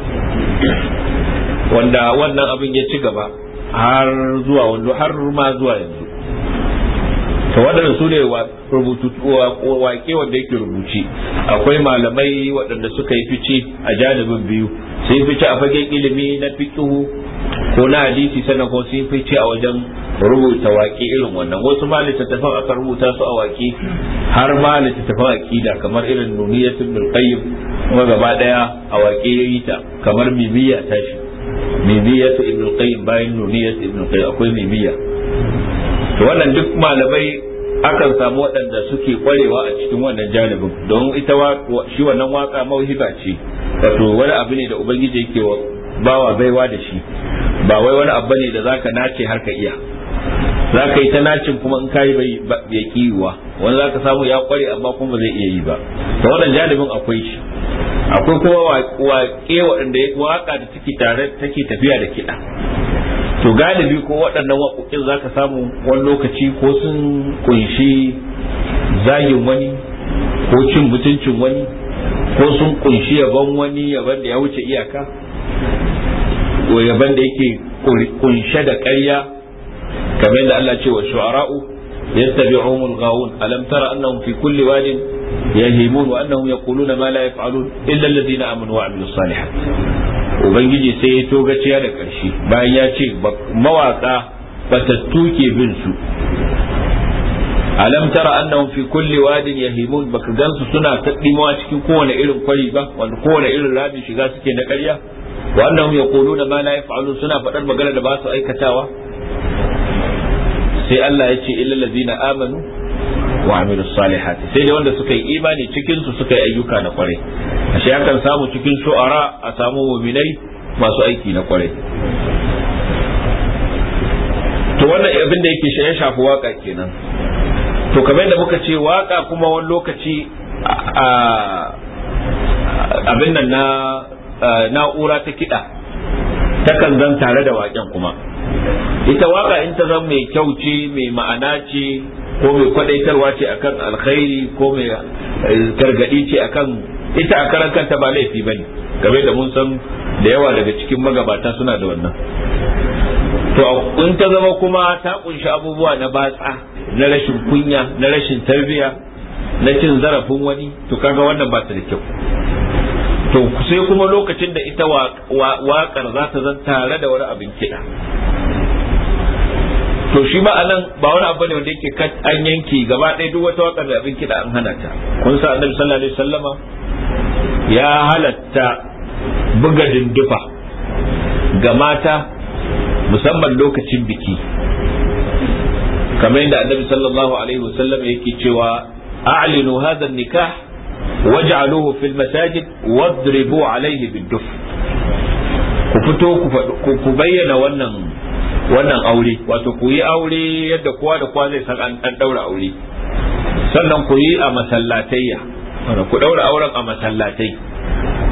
wanda wannan abin ya ci gaba har zuwa wanda har ma zuwa yanzu to waɗanda su ne waƙe wanda yake rubuci akwai malamai waɗanda suka yi fice a janibin biyu sun fice a fagen ilimi na fikihu ko na hadisi sannan ko sun fice a wajen rubuta waƙe irin wannan wasu ma littattafan aka rubuta su a waƙe har ma littattafan aƙida kamar irin nuniyatul qayyim kuma gaba daya a waƙe yi ta kamar shi tashi ta ibn qayyim bayan nuniyat ibn qayyim akwai mibiya to wannan duk malamai akan samu waɗanda suke kwarewa a cikin wannan janibin don ita shi wannan waka mauhiba ce wato wani abu ne da ubangiji yake bawa baiwa da shi ba wai wani abu ne da zaka nace har ka iya za ka yi ta nacin kuma in kayi bai ya kiwa wani za ka samu ya kware amma kuma zai iya yi ba to wannan janibin akwai shi akwai kuma waƙe waɗanda waƙa da take tare take tafiya da kiɗa to galibi ko waɗannan waƙoƙin za ka samu wani lokaci ko sun kunshi zagin wani ko cin mutuncin wani ko sun kunshi yaban wani yaban da ya wuce iyaka ko yaban da yake kunshe da ƙarya kamar da Allah ce wa shu'ara'u alam tara annahum fi kulli wadin yahimun wa annahum yaquluna ma la yaf'alun illa alladhina amanu wa 'amilus salihat ubangiji sai ya togaciya da ƙarshe bayan ya ce ba ta ke bin su alam tara annahum fi kulli wadin yahimun baka gansu suna kaddimawa cikin kowane irin kwari ba wanda kowane irin rabin shiga suke na ƙarya wa annahum yaquluna ma la yaf'alun suna faɗar magana da ba su aikatawa sai Allah ya ce illal na amanu wa amilu salihati sai dai wanda suka yi imani cikin su suka yi ayyuka na kwarai ashe akan samu cikin shu'ara a samu mu'minai masu aiki na kwarai to wannan abin da yake ya shafi waka kenan to kamar da muka ce waka kuma wani lokaci abin nan na na'ura ta kiɗa takan zan tare da waken kuma ita waka in ta zan mai kyau ce mai ma'ana ce ko mai kwadaitarwa ce akan alkhairi ko mai eh, gargadi ce akan ita a karan kanta ba laifi bane game da mun san da yawa daga cikin magabata suna da wannan to in ta zama kuma ta kunshi abubuwa na batsa na rashin kunya na rashin tarbiya na cin zarafin wani to kaga wannan ba ta da kyau to sai kuma lokacin da ita waƙar za ta zan tare da wani abin kiɗa to shi ma anan ba wani abu ne wanda yake an yanke gaba ɗaya duk wata waƙar da abin kiɗa an hana ta kun sa annabi sallallahu alaihi wasallama ya halatta buga dindufa ga mata musamman lokacin biki kamar yadda annabi sallallahu alaihi wasallam yake cewa a'linu hadha nikah waj'aluhu fil masajid wadribu alaihi bid ku fito ku bayyana wannan wannan aure wato ku yi aure yadda kowa da kowa zai san an daura aure sannan ku yi a masallatayya ku daura auren a masallatai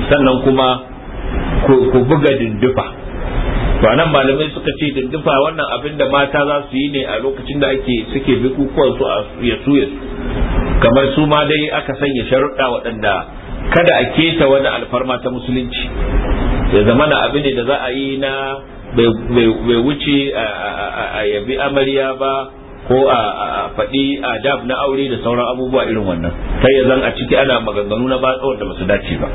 sannan kuma ku buga dindufa to nan malamai suka ce dindufa wannan abin da mata za su yi ne a lokacin da ake suke bukukuwan su a yasu kamar su ma dai aka sanya sharuɗa waɗanda kada a keta wani alfarma ta musulunci ya zama na abin da za a yi na bai wuce a yabi amarya ba ko a faɗi adab na aure da sauran abubuwa irin wannan Ta ya zan a ciki ana maganganu na ba da basu dace ba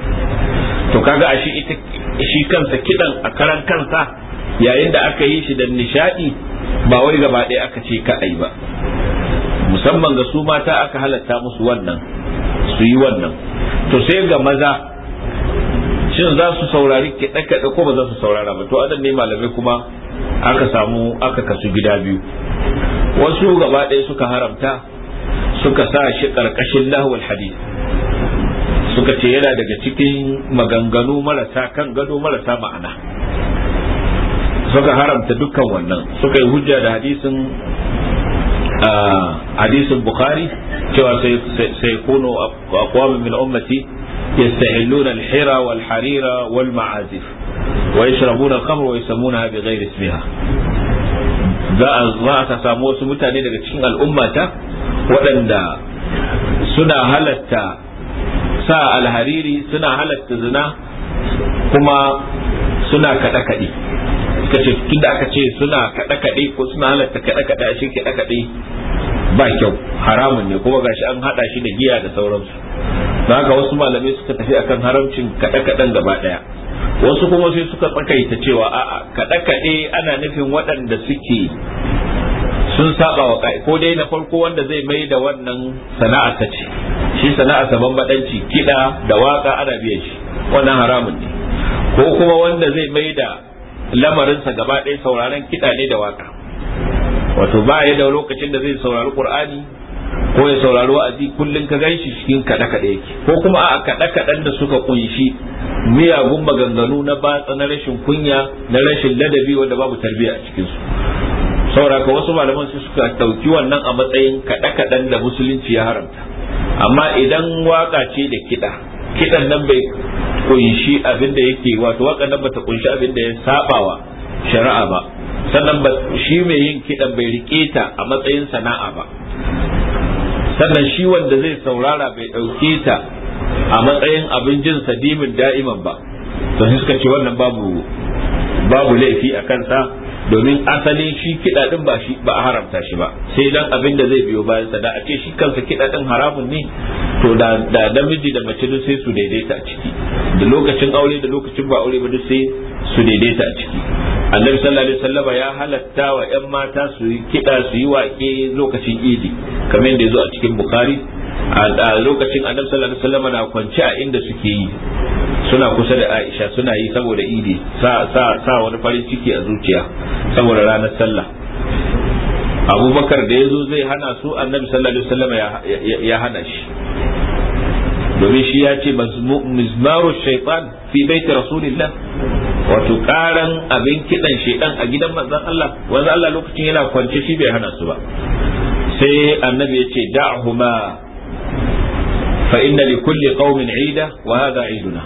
to kaga a shi kansa kiɗan a karan kansa yayin da aka yi shi da nishaɗi ba wai gaba ɗaya aka ce kaɗai ba musamman ga su mata aka halatta musu wannan su yi wannan to sai ga maza shin za su saurari kaɗe-kaɗe ko ba za su saurara ba to adan ne malamai kuma aka samu aka kasu gida biyu wasu gaba ɗaya suka haramta suka sa shi ƙarƙashin lahwal hadi suka ce yana daga cikin maganganu marasa kan gado marasa ma'ana suka haramta dukkan wannan suka yi hujja da hadisin hadisin bukhari cewa sai kuno a min ummati يستهلون الحرى والحريرة والمعازف ويشربون الخمر ويسمونها بغير اسمها ذا تساموس متانين لتشن الأمة وأن سنة هلت ساء الهريري سنة هلت زنا كما سنة كتكدي كشف كده سنة كتكدي كسنة هلت كتكدي ba kyau haramun ne kuma gashi an hada shi da giya da sauransu don haka wasu malamai suka tafi akan haramcin kaɗe-kaɗen gaba ɗaya wasu kuma sai suka tsakaita cewa a'a kaɗe-kaɗe ana nufin waɗanda suke sun saba wa ka'i ko dai na farko wanda zai mai da wannan sana'a ta ce shi sana'a ta bambadanci kiɗa da waka ana biyan shi wannan haramun ne ko kuma wanda zai mai da lamarinsa gaba ɗaya sauraron kiɗa ne da waka wato ba ya da lokacin da zai saurari qur'ani ko ya saurari wa'azi kullun ka ganshi cikin kada kada yake ko kuma a kada kadan da suka kunshi miyagun maganganu na batsa na rashin kunya na rashin ladabi wanda babu tarbiyya a cikin su sauraka wasu malaman su suka dauki wannan a matsayin kada kadan da musulunci ya haramta amma idan waka ce da kida kidan nan bai kunshi abin da yake wato waka nan bata kunshi abin da ya sabawa shari'a ba sannan shi mai yin kiɗan bai riƙe ta a matsayin sana'a ba sannan shi wanda zai saurara bai ɗauke ta a matsayin abin jin sadimin da'iman ba to suka ce wannan babu babu laifi a kansa domin asalin shi kiɗa ɗin ba shi ba a haramta shi ba sai dan abin da zai biyo bayan da a ce shi kansa kiɗa ɗin haramun ne to da da namiji da mace duk sai su daidaita a ciki da lokacin aure da lokacin ba aure ba duk sai su daidaita a ciki annabi sallallahu alaihi wasallam ya halatta wa yan mata su yi kida su yi wake lokacin idi kamar yadda yazo a cikin bukhari a lokacin annabi sallallahu alaihi wasallam na kwance a inda suke yi suna kusa da Aisha suna yi saboda idi sa wani farin ciki a zuciya saboda ranar sallah abubakar da ya zo zai hana su annabi sallallahu alaihi wasallam ya hana shi domin shi ya ce mizmaru shaitan fi baiti rasulillah wato karan abin kidan shedan a gidan manzon Allah wanzu Allah lokacin yana kwance shi bai hana su ba sai annabi ya ce da'huma fa inna li kulli qaumin 'ida wa hadha 'iduna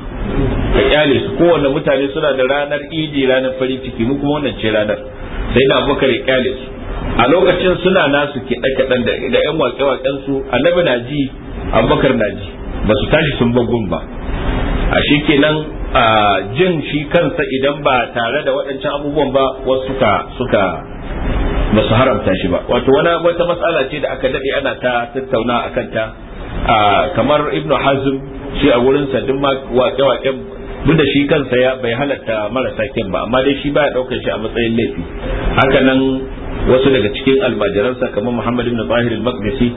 ka kyale su kowanne mutane suna da ranar idi ranar farin ciki mu kuma wannan ce ranar sai da Abubakar ya kyale su a lokacin suna nasu kiɗa kiɗan da yan waƙe waƙen su annabi na ji Abubakar na ji ba su tashi sun bagun ba a kenan a jin shi kansa idan ba tare da waɗancan abubuwan ba wasu suka suka ba su haramta shi ba wato wani wata matsala ce da aka daɗe ana ta tattauna a kanta kamar ibnu hazm shi a wurinsa duk waƙe-waƙen duk da shi kansa ya bai halatta marasa kyan ba amma dai shi baya daukar shi a matsayin laifi haka nan wasu daga cikin almajiransa kamar Muhammad ibn Tahir al-Maqdisi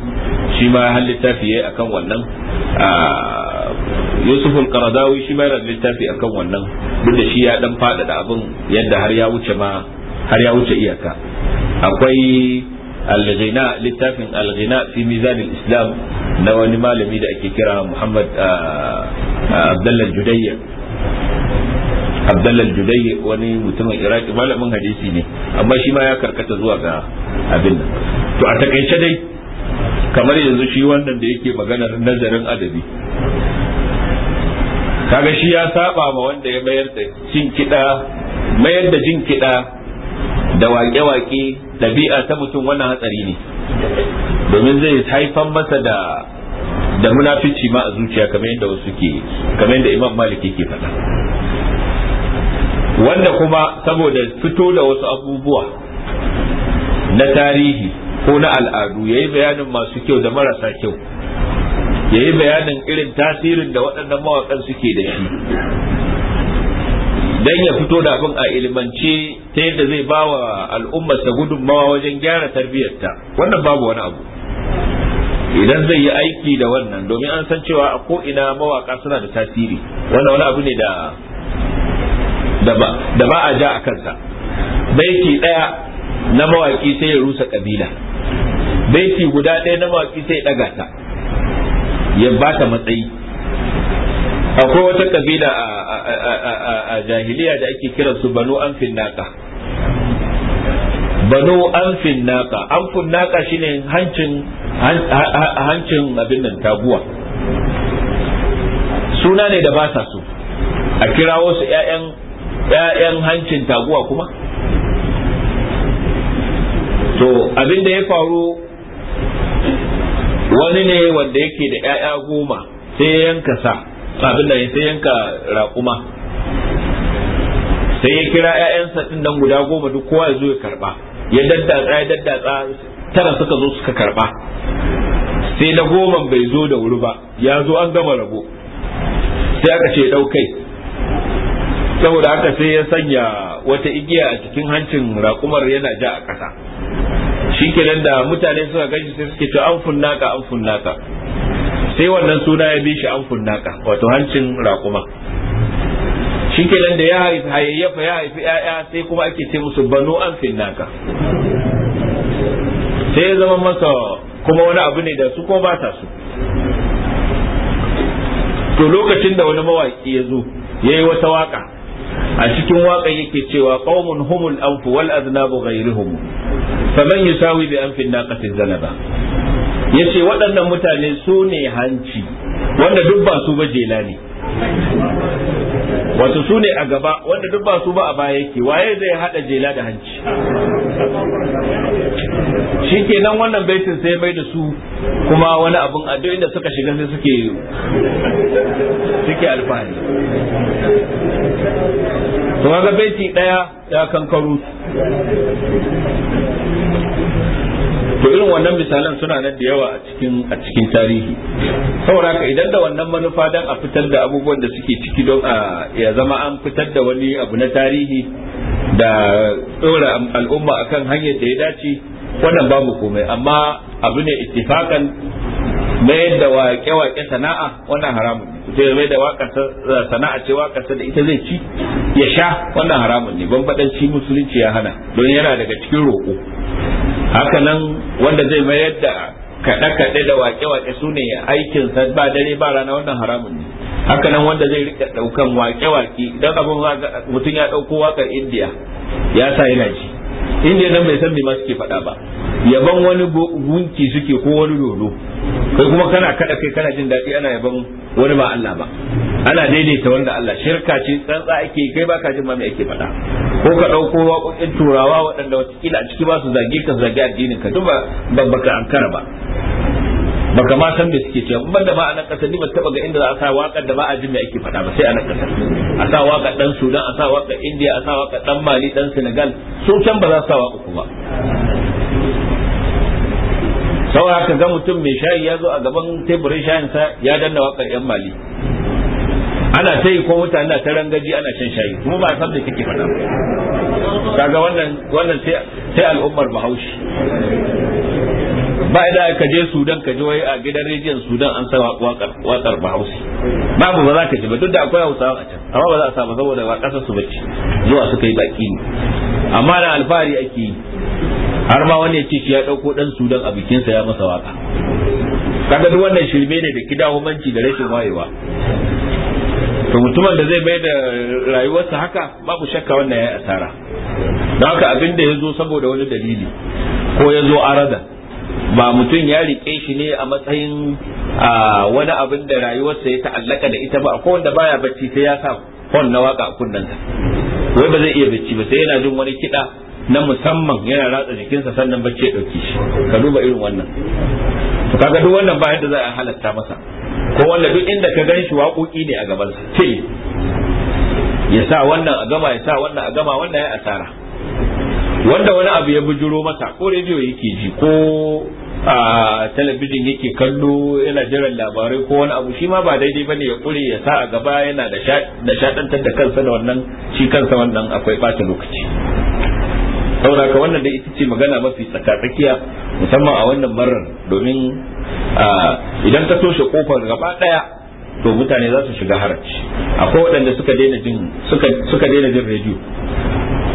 shi ma ya halitta fiye akan wannan ah, Yusuf al-Qaradawi shi ma halitta fiye akan wannan duk da shi ya dan fadada abin yadda har ya wuce ma har ya wuce iyaka akwai al-ghina littafin al-ghina fi mizan al-islam na wani malami da ake kira Muhammad ah, ah, Abdullah Judayya abdallah judai wani mutumin iraki malamin hadisi ne amma shi ma ya karkata zuwa ga abin nan to a takaice dai kamar yanzu shi wannan da yake maganar nazarin adabi kaga shi ya saba ma wanda ya mayar da jin kida mayar da jin kiɗa da waƙe-waƙe ɗabi'a ta mutum wannan hatsari ne domin zai haifan masa da da munafici ma a zuciya kamar yadda wasu ke kamar yadda imam malik yake faɗa wanda kuma saboda fito da wasu abubuwa na tarihi ko na al'adu ya yi bayanin masu kyau da marasa kyau ya yi bayanin irin tasirin da waɗannan mawakan suke da shi don ya fito da abin a ilimance ta yadda zai ba wa al'ummarsa gudunmawa wajen gyara tarbiyyarta wannan babu wani abu idan zai yi aiki da wannan domin an san cewa a ko'ina mawaka suna da tasiri wannan wani abu ne da da ba a ja a kansa baiti ɗaya na mawaƙi sai ya rusa ƙabila baiti guda ɗaya na mawaƙi sai ya ɗaga ta ya ba ta matsayi akwai wata ƙabila a jahiliya da ake kiran su banu amfin naka banu amfin naka amfin naka shine hancin hancin abin nan taguwa suna ne da ba sa so a kira wasu 'ya'yan 'ya'yan hancin taguwa kuma to abin da ya faru wani ne wanda yake da 'ya'ya goma sai ya yanka sa abin da sai yanka raƙuma sai ya kira 'ya'yansa ɗin nan guda goma duk kowa ya zo ya karba ya daddatsa ya daddatsa tara suka zo suka karba sai na goman bai zo da wuri ba ya zo an gama rabo sai aka ce ɗaukai saboda haka sai ya sanya wata igiya a cikin hancin raƙumar yana ja a ƙasa shikenan da mutane suka gaji sai suke ta amfun naka amfun naka sai wannan suna ya bi shi amfun naka wato hancin raƙuma shikenan da ya haifi hayayyafa ya haifi ya'ya sai kuma ake ce musu banu amfin naka. sai ya zama masa kuma wani abu ne da su ko ba ta su to lokacin da wani mawaki ya zo ya yi wata waka a cikin waƙa yake cewa qaumun humul anfu wal aznabu ghairuhum faman yusawi bi anfin naqati zanaba yace waɗannan mutane su ne hanci wanda duk ba su ba ne wato su ne a gaba wanda duk ba su ba a baya yake waye zai hada jela da hanci shikenan wannan baitin sai bai da su kuma wani abun a duk inda suka shiga sai suke suke alfahari to kaga baiti daya ya kankaro to irin wannan misalan suna nan da yawa a cikin a cikin tarihi saboda ka idan da wannan manufa dan a fitar da abubuwan da suke ciki don a ya zama an fitar da wani abu na tarihi da tsora al'umma akan hanyar da ya dace wannan babu komai amma abu ne ittifakan mayar da waƙe-waƙe sana'a wannan haramun ne mai da sana'a ce waƙarsa da ita zai ci ya sha wannan haramun ne ban faɗanci musulunci ya hana don yana daga cikin roƙo hakanan wanda zai mayar da kaɗe-kaɗe da wake-wake su ne aikin ba dare ba rana wannan haramun ne hakanan wanda zai rika ɗaukan wake-wake don abin mutum ya ɗauko wakar indiya ya sa yana ji indiya nan bai san me ma suke faɗa ba yaban wani gunki suke ko wani dodo kai kuma kana kaɗa kai kana jin daɗi ana yaban wani ba Allah ba ana daidaita wanda Allah shirka ce tsantsa ake kai baka jin ma me ake faɗa ko ka ɗauko waƙoƙin turawa waɗanda watakila a ciki ba su zage ka zage addinin ka duk ba ka ankara ba baka ma san me suke cewa ban da ba a nan kasar ni ba taba ga inda za a sa waƙar da ba a jin me ake faɗa ba sai a nan kasar a sa waƙar dan Sudan a sa waƙar India a sa waƙar dan Mali dan Senegal su can ba za su sa waƙar ku ba saboda ka ga mutum mai shayi ya zo a gaban teburin shayin sa ya danna waƙar yan Mali ana ta yi ko mutane na ta rangaji ana shan shayi kuma ba san da kike faɗa kaga wannan wannan sai al'ummar bahaushe ba idan ka je sudan ka je wai a gidan rediyon sudan an sa wakar wakar bahaushe babu ba za ka ji ba duk da akwai hausawa a can amma ba za a samu saboda ba kasar su bace zuwa suka yi baki ne amma da alfahari ake yi har ma wani ya ce shi ya dauko dan sudan a bikinsa ya masa waka kaga duk wannan shirme ne da kidahumanci da rashin wayewa to mutumin da zai bai da rayuwarsa haka babu shakka wannan ya asara don haka abin da ya zo saboda wani dalili ko ya zo arada ba mutum ya riƙe shi ne a matsayin wani abin da rayuwarsa ya ta'allaka da ita ba ko wanda baya bacci sai ya sa hon na waka a kunnensa wai ba zai iya bacci ba sai yana jin wani kiɗa na musamman yana ratsa jikinsa sannan bacci ya ɗauki shi ka duba irin wannan to kaga duk wannan ba yadda za a halatta masa Ko wanda duk inda ka gan shi waƙoƙi ne a gaban sa ce ya sa wannan a gama ya sa wannan a gama wannan ya asara wanda wani abu ya bujuro masa ko rediyo yake ji ko a talabijin yake kallo yana jiran labarai ko wani abu shi ma ba daidai bane ya kure ya sa a gaba yana da shaɗantar da kansa da wannan shi kansa wannan akwai ɓata lokaci saboda ka wannan dai ita ce magana mafi tsaka tsakiya musamman a wannan marar domin idan ka toshe kofar gaba daya to mutane za su shiga haraci akwai waɗanda suka daina jin suka daina jin rediyo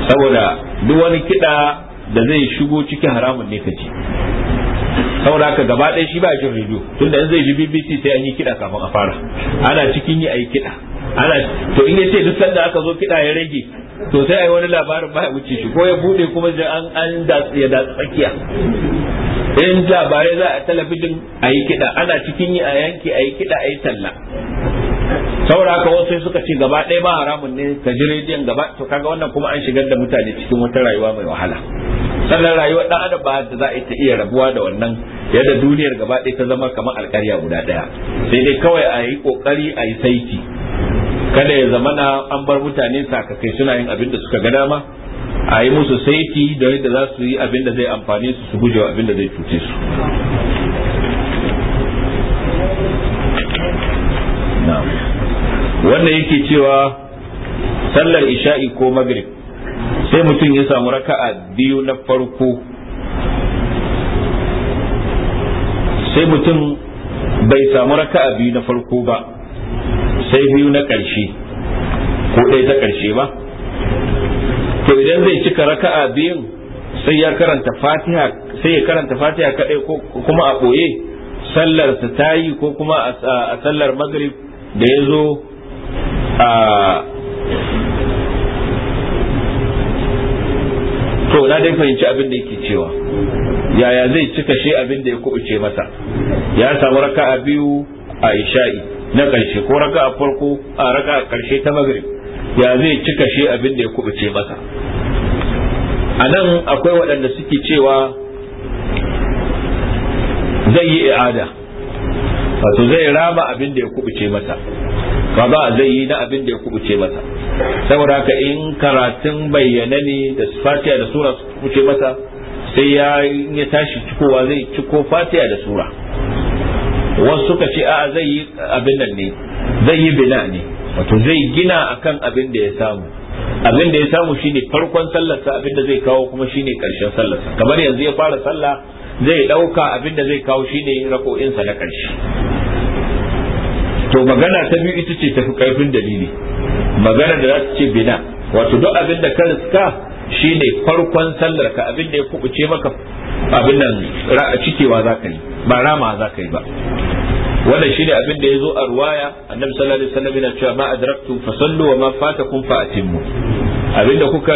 saboda duk wani kiɗa da zai shigo cikin haramun ne kaje saboda haka gaba daya shi ba jin rediyo tunda in zai ji BBC sai an yi kiɗa kafin a fara ana cikin yi a yi kiɗa ana to in ya ce duk sanda aka zo kiɗa ya rage to sai ai wani labarin ba ya wuce shi ko ya buɗe kuma an an ya da tsakiya in labarai za a talabijin a yi kiɗa ana cikin yi a yanki a yi kiɗa a yi talla saboda haka wasu suka ce gaba ɗaya ba haramun ne ka ji rediyon gaba to kaga wannan kuma an shigar da mutane cikin wata rayuwa mai wahala sannan rayuwa ɗan adam ba da za a ta iya rabuwa da wannan yadda duniyar gaba ɗaya ta zama kamar alƙarya guda ɗaya sai dai kawai a yi ƙoƙari a yi saiti kada ya zamana an bar mutane sakakai suna yin abin da suka ga dama a yi musu saiti da yadda za su yi abin da zai amfani su su gujewa abin da zai cuce su wannan yake cewa sallar isha'i ko magrib sai mutum ya samu raka'a biyu na farko sai mutum bai samu raka'a biyu na farko ba sai biyu na ƙarshe ko ɗaya ta ƙarshe ba to idan zai cika raka'a biyun sai ya karanta fatiha sai ya karanta fatiha kadai ko kuma a koye sallar ta tayi ko kuma a sallar maghrib da ya zo a to na dai fahimci abin da yake cewa yaya zai cika shi abin da ya kubuce masa ya samu raka'a biyu a isha'i na ƙarshe ko raka'a farko a raka'a ƙarshe ta maghrib ya zai cika shi abin da ya kubuce masa a nan akwai waɗanda suke cewa zai yi i'ada wato zai rama abin da ya kubuce masa ba zai yi na abin da ya kubuce masa saboda haka in karatun bayyana ne da Fatiya da sura su kubuce masa sai ya ya tashi cikowa zai ciko Fatiya da sura wasu suka ce a zai yi abin nan ne zai yi bina ne wato zai gina akan abin da ya samu abin da ya samu shine farkon sallarsa abin da zai kawo kuma shine karshen sallarsa kamar yanzu ya fara sallah zai dauka abin da zai kawo shine rako'insa na karshe to magana ta biyu ita ce tafi karfin dalili magana da za ta ce bina wato duk abin da ka riska shine farkon sallar ka abin da ya kubuce maka abin nan cikewa za ka yi ba rama za ka yi ba wannan shine abin da zo a ruwaya annabi sallallahu alaihi wasallam yana cewa ma adraktum fasallu wa ma fatakum fa atimmu da kuka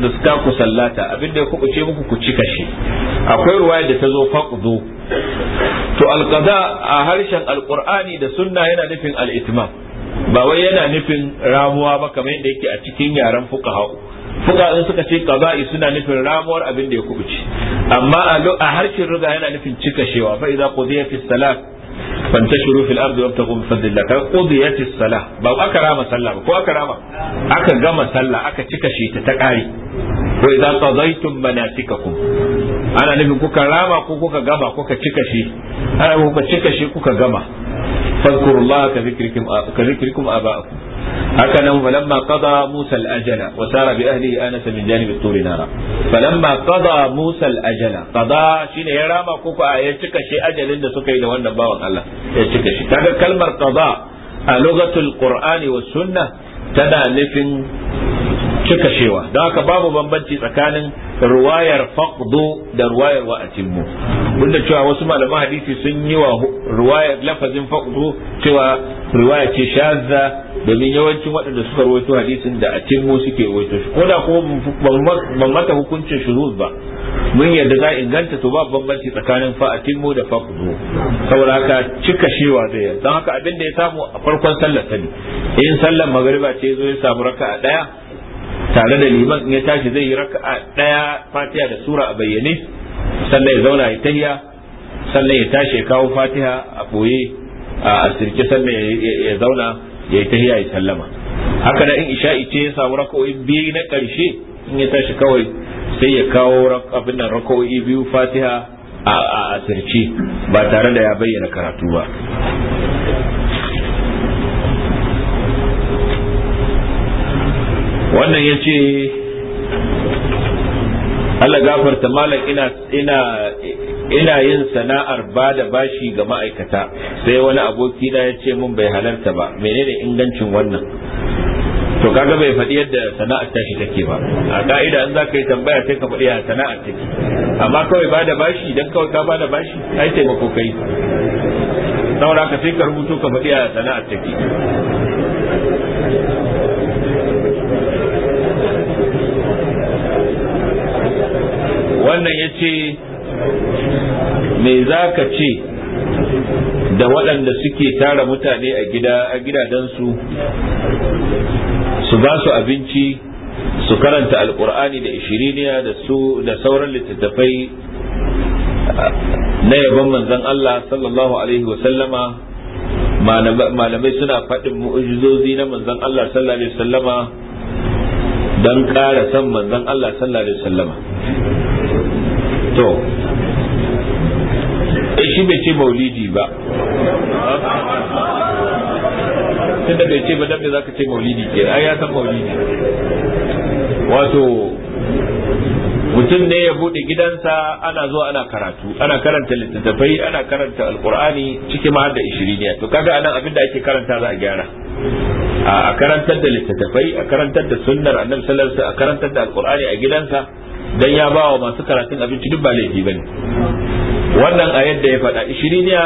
riska ku sallata abinda ya ce muku ku cika shi akwai ruwaya da ta zo faqdu to alqada a harshen alqur'ani da sunna yana nufin al-itmam ba wai yana nufin ramuwa ba kamar yadda yake a cikin yaren fuqaha fuka in suka ce qaza'i suna nufin ramuwar abin da ya kubuce amma a harshen ruga yana nufin cika shewa fa idza qudiya fi salat fantashiru fil ardi wabtaghu min fadlillah ka qudiyat as-salah ba aka rama sallah ba ko aka rama aka gama sallah aka cika shi ta kare ko idan qadaytum manasikakum ana nufin kuka rama ko kuka gama kuka cika shi ana kuka cika shi kuka gama fadhkurullaha ka haka nan falamma qada Musa al-ajala wa sara bi anasa min janib at-tur nara falamma qada Musa ajala qada shine ya rama ko ko ya cika shi ajalin da suka yi da wannan bawan Allah ya cika shi kaga kalmar kaza a lugatul qur'ani was sunnah tana nufin cika cewa don haka babu bambanci tsakanin ruwayar faqdu da ruwayar wa atimmu cewa wasu malaman hadisi sun yi wa ruwayar lafazin faqdu cewa ruwaya ce shazza domin yawancin waɗanda suka rawaito hadisin da atimmu suke rawaito shi ko da ko ban mata hukuncin shuruz ba mun yarda za inganta to ba bambanci tsakanin fa atimmu da faqdu saboda haka cika da zai don haka abin da ya samu a farkon sallar sani in sallar magariba ce zo ya samu raka'a daya tare da liman in ya tashi zai yi raka'a daya fatiha da sura a bayyane sannan ya zauna ya tahiya sannan ya tashi ya kawo fatiha a boye a asirce sannan ya zauna ya yi tahiya ya sallama haka da in isha ce ya samu raka'o'i biyu na karshe in ya tashi kawai sai ya kawo abin nan raka'o'i biyu fatiha a asirce ba tare da ya bayyana karatu ba wannan ya ce Allah gafarta malam ina ina ina yin sana'ar ba da bashi ga ma'aikata sai wani aboki na ya ce mun bai halarta ba menene ingancin wannan to kaga bai faɗi yadda sana'ar tashi take ba a ka'ida in za ka yi tambaya sai ka faɗi a sana'ar take amma kawai ba da bashi dan kawai ka ba da bashi ai taimako kai saboda ka sai ka rubuto ka faɗi a sana'ar take wannan ya ce me za ka ce da waɗanda suke tara mutane a gida a gidajensu su ba su abinci su karanta alkur'ani da ishiriniya da su da sauran littattafai na yabon manzon Allah sallallahu alaihi wasallama malamai suna faɗin mu'ujizozi na manzon Allah sallallahu alaihi wasallama don ƙara san manzon Allah sallallahu alaihi wasallama to eh, shi bai ce maulidi ba tunda bai ce ba dan me zaka ce maulidi ke ai ya san maulidi wato mutum ne ya bude gidansa ana zuwa ana karatu ana karanta littattafai ana karanta alkur'ani cikin ma da ishiriniya to kaga anan abin da ake karanta za a gyara a karantar da littattafai a karantar da sunnar annabi sallallahu alaihi wasallam a karantar da alkur'ani a gidansa dan ya bawa masu karatun abinci duk ba laifi bane wannan a yadda ya faɗa ishiriniya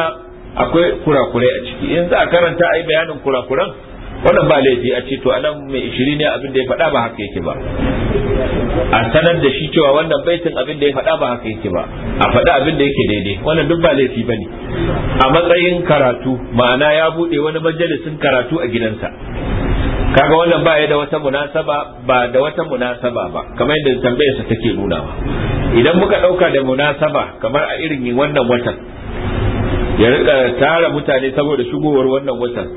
akwai kurakurai a ciki in za a karanta a yi bayanin kurakuran wannan ba laifi a ce to anan mai ishiriniya abin da ya faɗa ba haka yake ba a sanar da shi cewa wannan baitin abin da ya faɗa ba haka yake ba a faɗa abin da yake daidai wannan duk ba laifi ba ne a matsayin karatu ma'ana ya buɗe wani majalisin karatu a gidansa kaga wannan ba ya da wata munasaba ba da wata munasaba ba kamar yadda tambayar sa take nunawa idan muka dauka da munasaba kamar a irin wannan watan ya rika tara mutane saboda shigowar wannan watan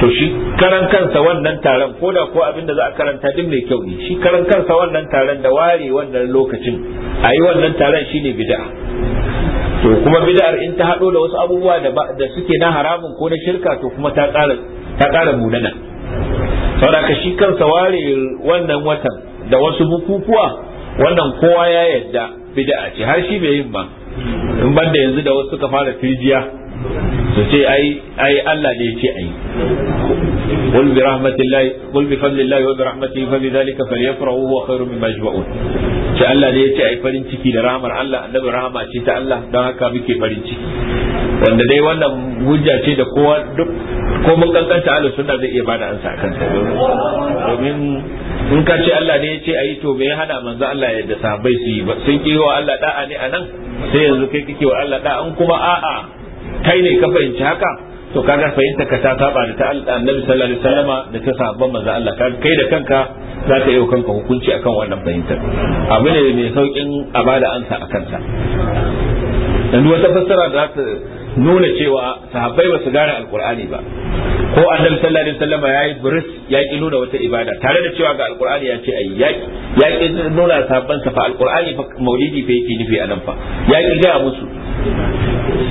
to shi karan kansa wannan taron ko da ko abin da za a karanta din mai kyau ne shi karan kansa wannan taron da ware wannan lokacin a yi wannan taron shine bid'a to kuma bid'ar in ta hado da wasu abubuwa da suke na haramun ko na shirka to kuma ta ƙara ta ƙara munana saboda shi kansa ware wannan watan da wasu bukukuwa wannan kowa ya yadda bid'a ce har shi bai yin ba in banda yanzu da wasu suka fara firjiya su ce ai Allah ne ce ai قل برحمة الله قل بفضل الله وبرحمته فبذلك فليفرحوا هو خير مما يجمعون ce Allah ne ya ce ai farin ciki da rahamar Allah annabi rahama ce ta Allah don haka muke farin ciki wanda dai wannan hujja ce da kowa duk ko mun kankanta ahlus sunna zai iya bada ansa akan ta domin in ka ce Allah ne ya ce ayi to me ya hada manzo Allah ya da sahabbai su yi sun ki wa Allah da'a ne anan sai yanzu kai kike wa Allah da'a in kuma a'a kai ne ka fahimci haka to kaga fahimta ka ta saba da ta Annabi sallallahu alaihi wasallama da ta sahabban manzo Allah kai da kanka za ka yi kanka hukunci akan wannan fahimtar abu ne mai saukin a bada ansa akan sa dan wata fassara da ta nuna cewa sahabbai ba su gane alkur'ani ba ko annabi sallallahu alaihi wasallam ya yi buris ya ki nuna wata ibada tare da cewa ga alkur'ani ya ce ayi ya ki nuna sahabban sa fa alkur'ani fa maulidi fa yake nufi anan fa ya ki ga musu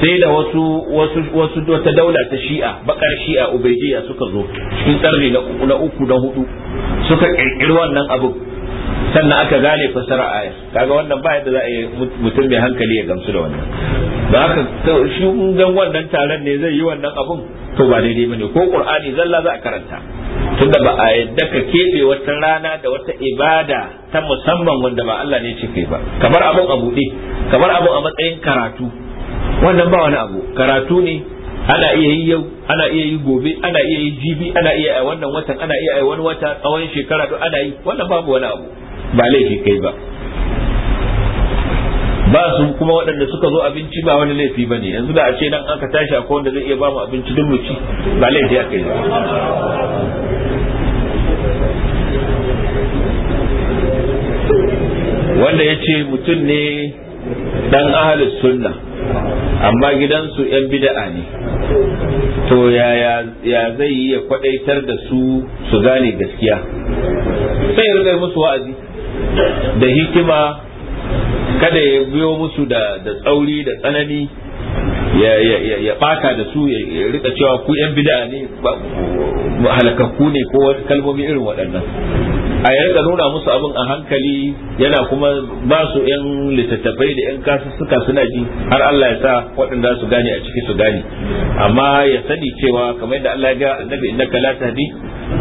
sai da wasu wasu wasu wata daula ta shi'a bakar shi'a ubaidiyya suka zo cikin karni na uku da hudu suka kirkiri wannan abin sannan aka gane fasara aya kaga wannan ba yadda za a yi mutum mai hankali ya gamsu da wannan ba haka shi dan wannan taron ne zai yi wannan abun to ba daidai bane ko qur'ani zalla za a karanta tunda ba a yadda ka keɓe wata rana da wata ibada ta musamman wanda ba Allah ne ce ba kamar abun a buɗe kamar abun a matsayin karatu wannan ba wani abu karatu ne ana iya yi yau ana iya yi gobe ana iya yi jibi ana iya yi wannan watan ana iya yi wani wata tsawon shekara to ana yi wannan babu wani abu ba laifi kai ba ba su kuma waɗanda suka zo abinci ba wani laifi ba ne yanzu da a ce nan an ka tashi a wanda zai iya ba mu abinci duk mu ci ba laifi a kai ba wanda ya ce mutum ne dan ahalus sunna amma gidansu 'yan bida'a ne to ya zai yi ya kwadaitar da su su gane gaskiya sai ya musu wa'azi da hikima kada ya biyo musu da tsauri da tsanani ya ɓata da su ya rika cewa ku yan bid'a ne halakakku ne ko kalmomi irin waɗannan a yarda nuna musu abin a hankali yana kuma ba su yan littattafai da yan kasussuka suna ji har Allah ya sa waɗanda su gane a ciki su gane amma ya sani cewa kamar da Allah ya ga annabi innaka la tahdi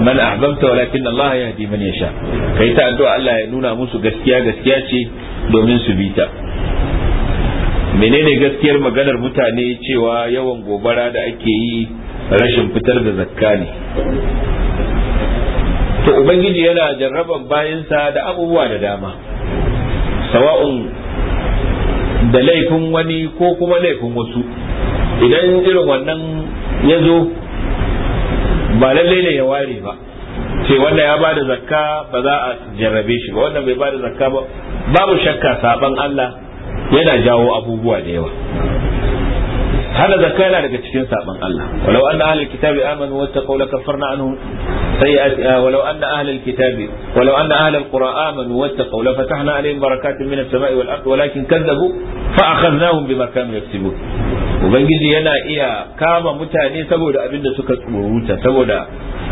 man ahbabta walakin Allah yahdi man yasha kai ta addu'a Allah ya nuna musu gaskiya gaskiya ce domin su bi ta menene gaskiyar maganar mutane cewa yawan gobara da ake yi rashin fitar da zakka ne to ubangiji yana jarraban bayansa da abubuwa da dama sawa'un da laifin wani ko kuma laifin wasu idan irin wannan ya zo ba lallai ne ya ware ba ce wanda ya bada zakka ba za a jarrabe shi ba wanda bai bada zakka ba babu shakka saban Allah yana jawo abubuwa da yawa hana zakka yana daga cikin saban Allah walau anna ahlul kitabi amanu wattaqu lakaffarna anhum sayyi'ati ah, walau anna ahlul kitabi walau anna ahlul qura amanu wattaqu lafatahna alaihim barakatin minas sama'i wal ardi walakin kazzabu fa akhadnahum ubangiji yana iya kama mutane saboda abin da suka tsuruta saboda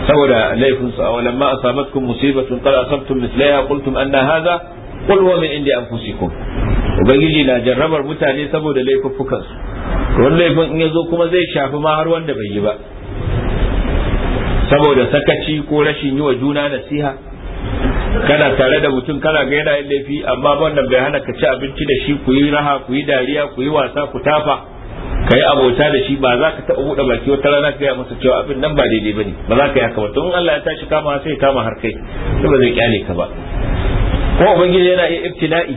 saboda laifin su awalan ma asabatkum musibatun qad asabtum mithlaha qultum anna hadha qul huwa min indi anfusikum ubangiji na jarrabar mutane saboda laifuffukansu. wani laifin in ya zo kuma zai shafi ma har wanda bai yi ba saboda sakaci ko rashin yi wa juna nasiha kana tare da mutum kana ga yana yin laifi amma wannan bai hana ka ci abinci da shi ku yi raha ku yi dariya ku yi wasa ku tafa ka yi abota da shi ba za ka taɓa buɗe baki wata rana ka gaya masa cewa abin nan ba daidai ba ne ba za ka yi haka ba tun Allah ya tashi kama sai kama har kai ba zai kyale ka ba ko ubangiji yana iya iftina'i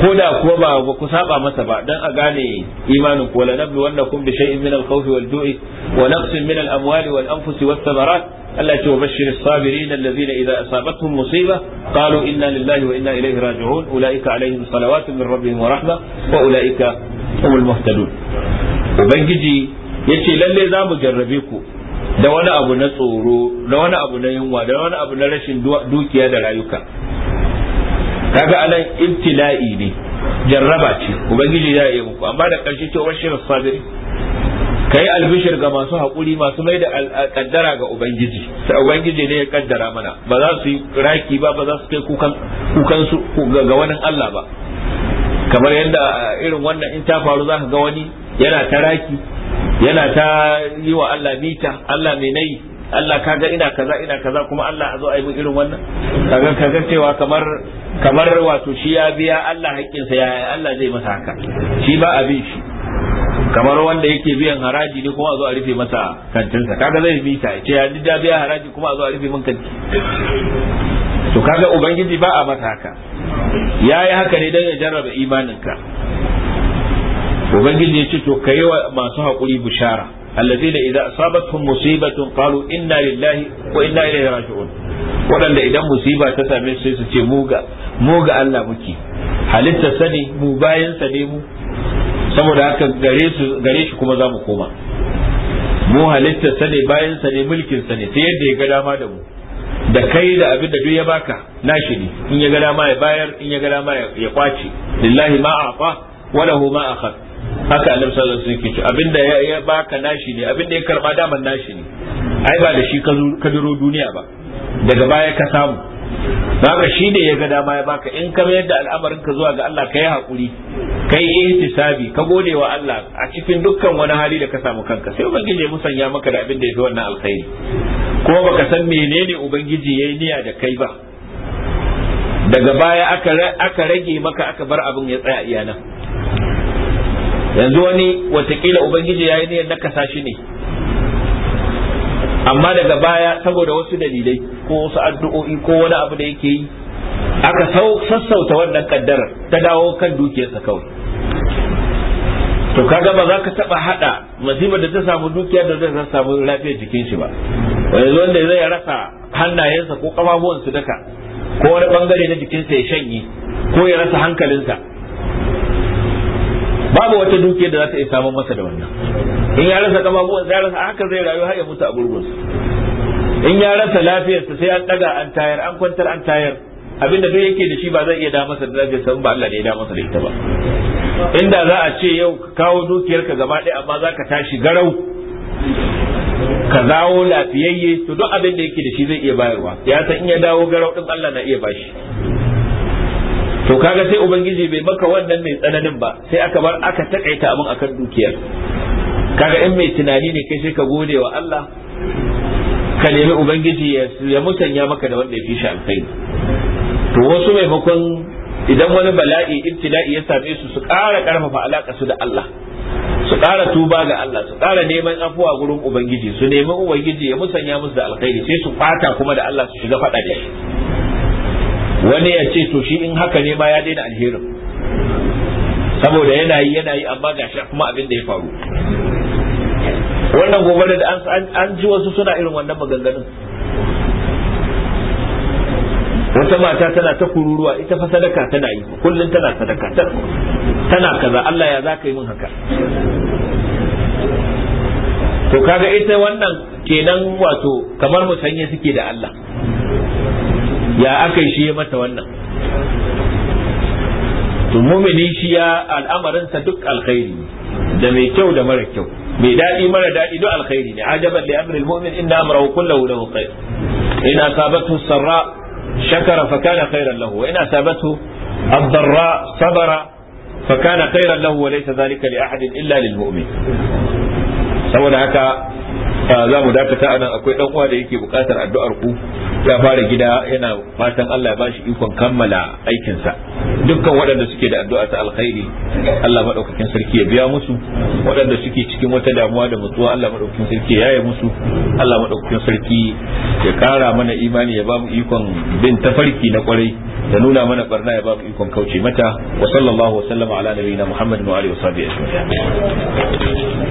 ko da kuwa ba ku saba masa ba dan a gane imanin ku wala nablu wannakum bi shay'in min al-khawfi wal-ju'i wa naqsin min al-amwali wal-anfusi wath-thamarat Allah ce wa bashir as-sabirin alladhina idza asabatuhum musiba qalu inna lillahi wa inna ilayhi raji'un ulaika alaihim min rabbihim wa rahma wa ulaika ubangiji yace lalle za mu jarrabe ku da wani abu na tsoro da wani abu na yunwa da wani abu na rashin dukiya da rayuka kaga anan ibtila'i ne jarraba ce ubangiji ya yi muku amma da karshe ce wa shirin sabiri kai albishir ga masu haƙuri masu mai da kaddara ga ubangiji sai ubangiji ne ya kaddara mana ba za su yi raki ba ba za su kai kukan kukan ga wani Allah ba kamar yadda irin wannan in ta faru za ka ga wani yana ta raki yana ta yi wa Allah mita Allah mai nayi Allah kaga ina kaza ina kaza kuma Allah a zo a yi irin wannan kaga kaga cewa kamar kamar wato shi ya biya Allah haƙƙinsa ya Allah zai masa haka shi ba abin shi kamar wanda yake biyan haraji ne kuma a zo a rufe masa kantinsa kaga zai bi ta ce ya da biya haraji kuma a zo a rufe min kanti to kaga ubangiji ba a masa haka ya yi haka ne don ya jarraba imaninka ubangiji ya ce to ka yi wa masu haƙuri bishara allazina idza asabatuhum musibatun qalu inna lillahi wa inna ilaihi raji'un waɗanda idan musiba ta same su ce mu ga mu ga Allah muke halitta sani mu bayan ne mu saboda haka kuma za mu koma mu halitta sani bayan sa ne mulkin sa ne sai yadda ya ga dama da mu da kai da abin da duk ya baka nashi ne in ya ga dama ya bayar in ya ga dama ya kwace lillahi ma a'ta wa lahu ma akhadha haka annabi sallallahu alaihi wasallam yake abinda ya baka nashi ne abinda ya karba daman nashi ne ai ba da shi ka duro duniya ba daga baya ka samu baka shi ne ya ga dama ya baka in ka mayar da al'amarin ka zuwa ga Allah kai hakuri kai ihtisabi ka gode wa Allah a cikin dukkan wani hali da ka samu kanka sai ubangiji ya musanya maka da abin da yafi wannan alkhairi Ko baka san menene ubangiji yayi niyya da kai ba daga baya aka rage maka aka bar abin ya tsaya iyana yanzu wani watakila ubangiji ya yi niyyar kasa shi ne amma daga baya saboda wasu dalilai ko wasu addu'o'i ko wani abu da yake yi aka sassauta wannan kaddarar ta dawo kan dukiyarsa kawai to kaga ba za ka taba hada masifar da ta samu dukiyar da zai samu lafiyar jikin shi ba yanzu wanda zai rasa hannayensa ko kafafuwansu duka ko wani bangare na jikinsa ya shanye ko ya rasa hankalinsa babu wata dukiya da za ta iya samun masa da wannan in ya rasa kafafuwan ya rasa haka zai rayu har ya mutu a gurgun in ya rasa lafiyarsa sai an daga an tayar an kwantar an tayar abinda duk yake da shi ba zai iya da masa da lafiyarsa ba Allah ne ya da masa da ita ba inda za a ce yau ka kawo dukiyarka gaba ɗaya amma za ka tashi garau ka zawo lafiyayye to duk abin da yake da shi zai iya bayarwa ya san in ya dawo garau din Allah na iya bashi to kaga sai ubangiji bai maka wannan mai tsananin ba sai aka bar aka takaita abin akan dukiyar kaga in mai tunani ne kai sai ka gode wa Allah ka nemi ubangiji ya musanya maka da wanda ya fi shi to wasu maimakon idan wani bala'i ibtila'i ya same su su ƙara ƙarfafa alaƙa su da Allah su ƙara tuba ga Allah su ƙara neman afuwa gurin ubangiji su nemi ubangiji ya musanya musu da alkhairi sai su fata kuma da Allah su shiga faɗa da shi wani ya ce to shi in haka ne ma ya daina alherin saboda yana yi yana yi amma gashi kuma abin da ya faru wannan gobe da an ji wasu suna irin wannan maganganun wata mata tana ta kururuwa ita fa sadaka tana yi kullum tana sadaka tana kaza Allah ya za ka yi min haka to kaga ita wannan kenan wato kamar musanye suke da Allah ya aka shi ya mata wannan to mumini shi ya al'amarinsa duk alkhairi da mai kyau da mara kyau mai daɗi mara daɗi duk alkhairi ne ajaban li amril mu'min inna amrahu kullahu lahu khair Ina Sabatu sarra shakara fa kana khairan lahu wa in asabatu ad-darra sabara fa kana khairan lahu wa laysa dhalika li ahadin illa lil mu'min saboda haka za mu dakata anan akwai dan uwa da yake bukatar addu'ar ku ya fara gida yana fatan Allah ya bashi ikon kammala aikinsa dukkan waɗanda suke da addu'a ta alkhairi Allah madaukakin sarki ya biya musu waɗanda suke cikin wata damuwa da mutuwa Allah madaukakin sarki ya yi musu Allah madaukakin sarki ya kara mana imani ya ba mu ikon bin tafarki na kwarai da nuna mana barna ya ba mu ikon kauce mata wa sallallahu wa sallama ala nabiyina Muhammad wa alihi wa sahbihi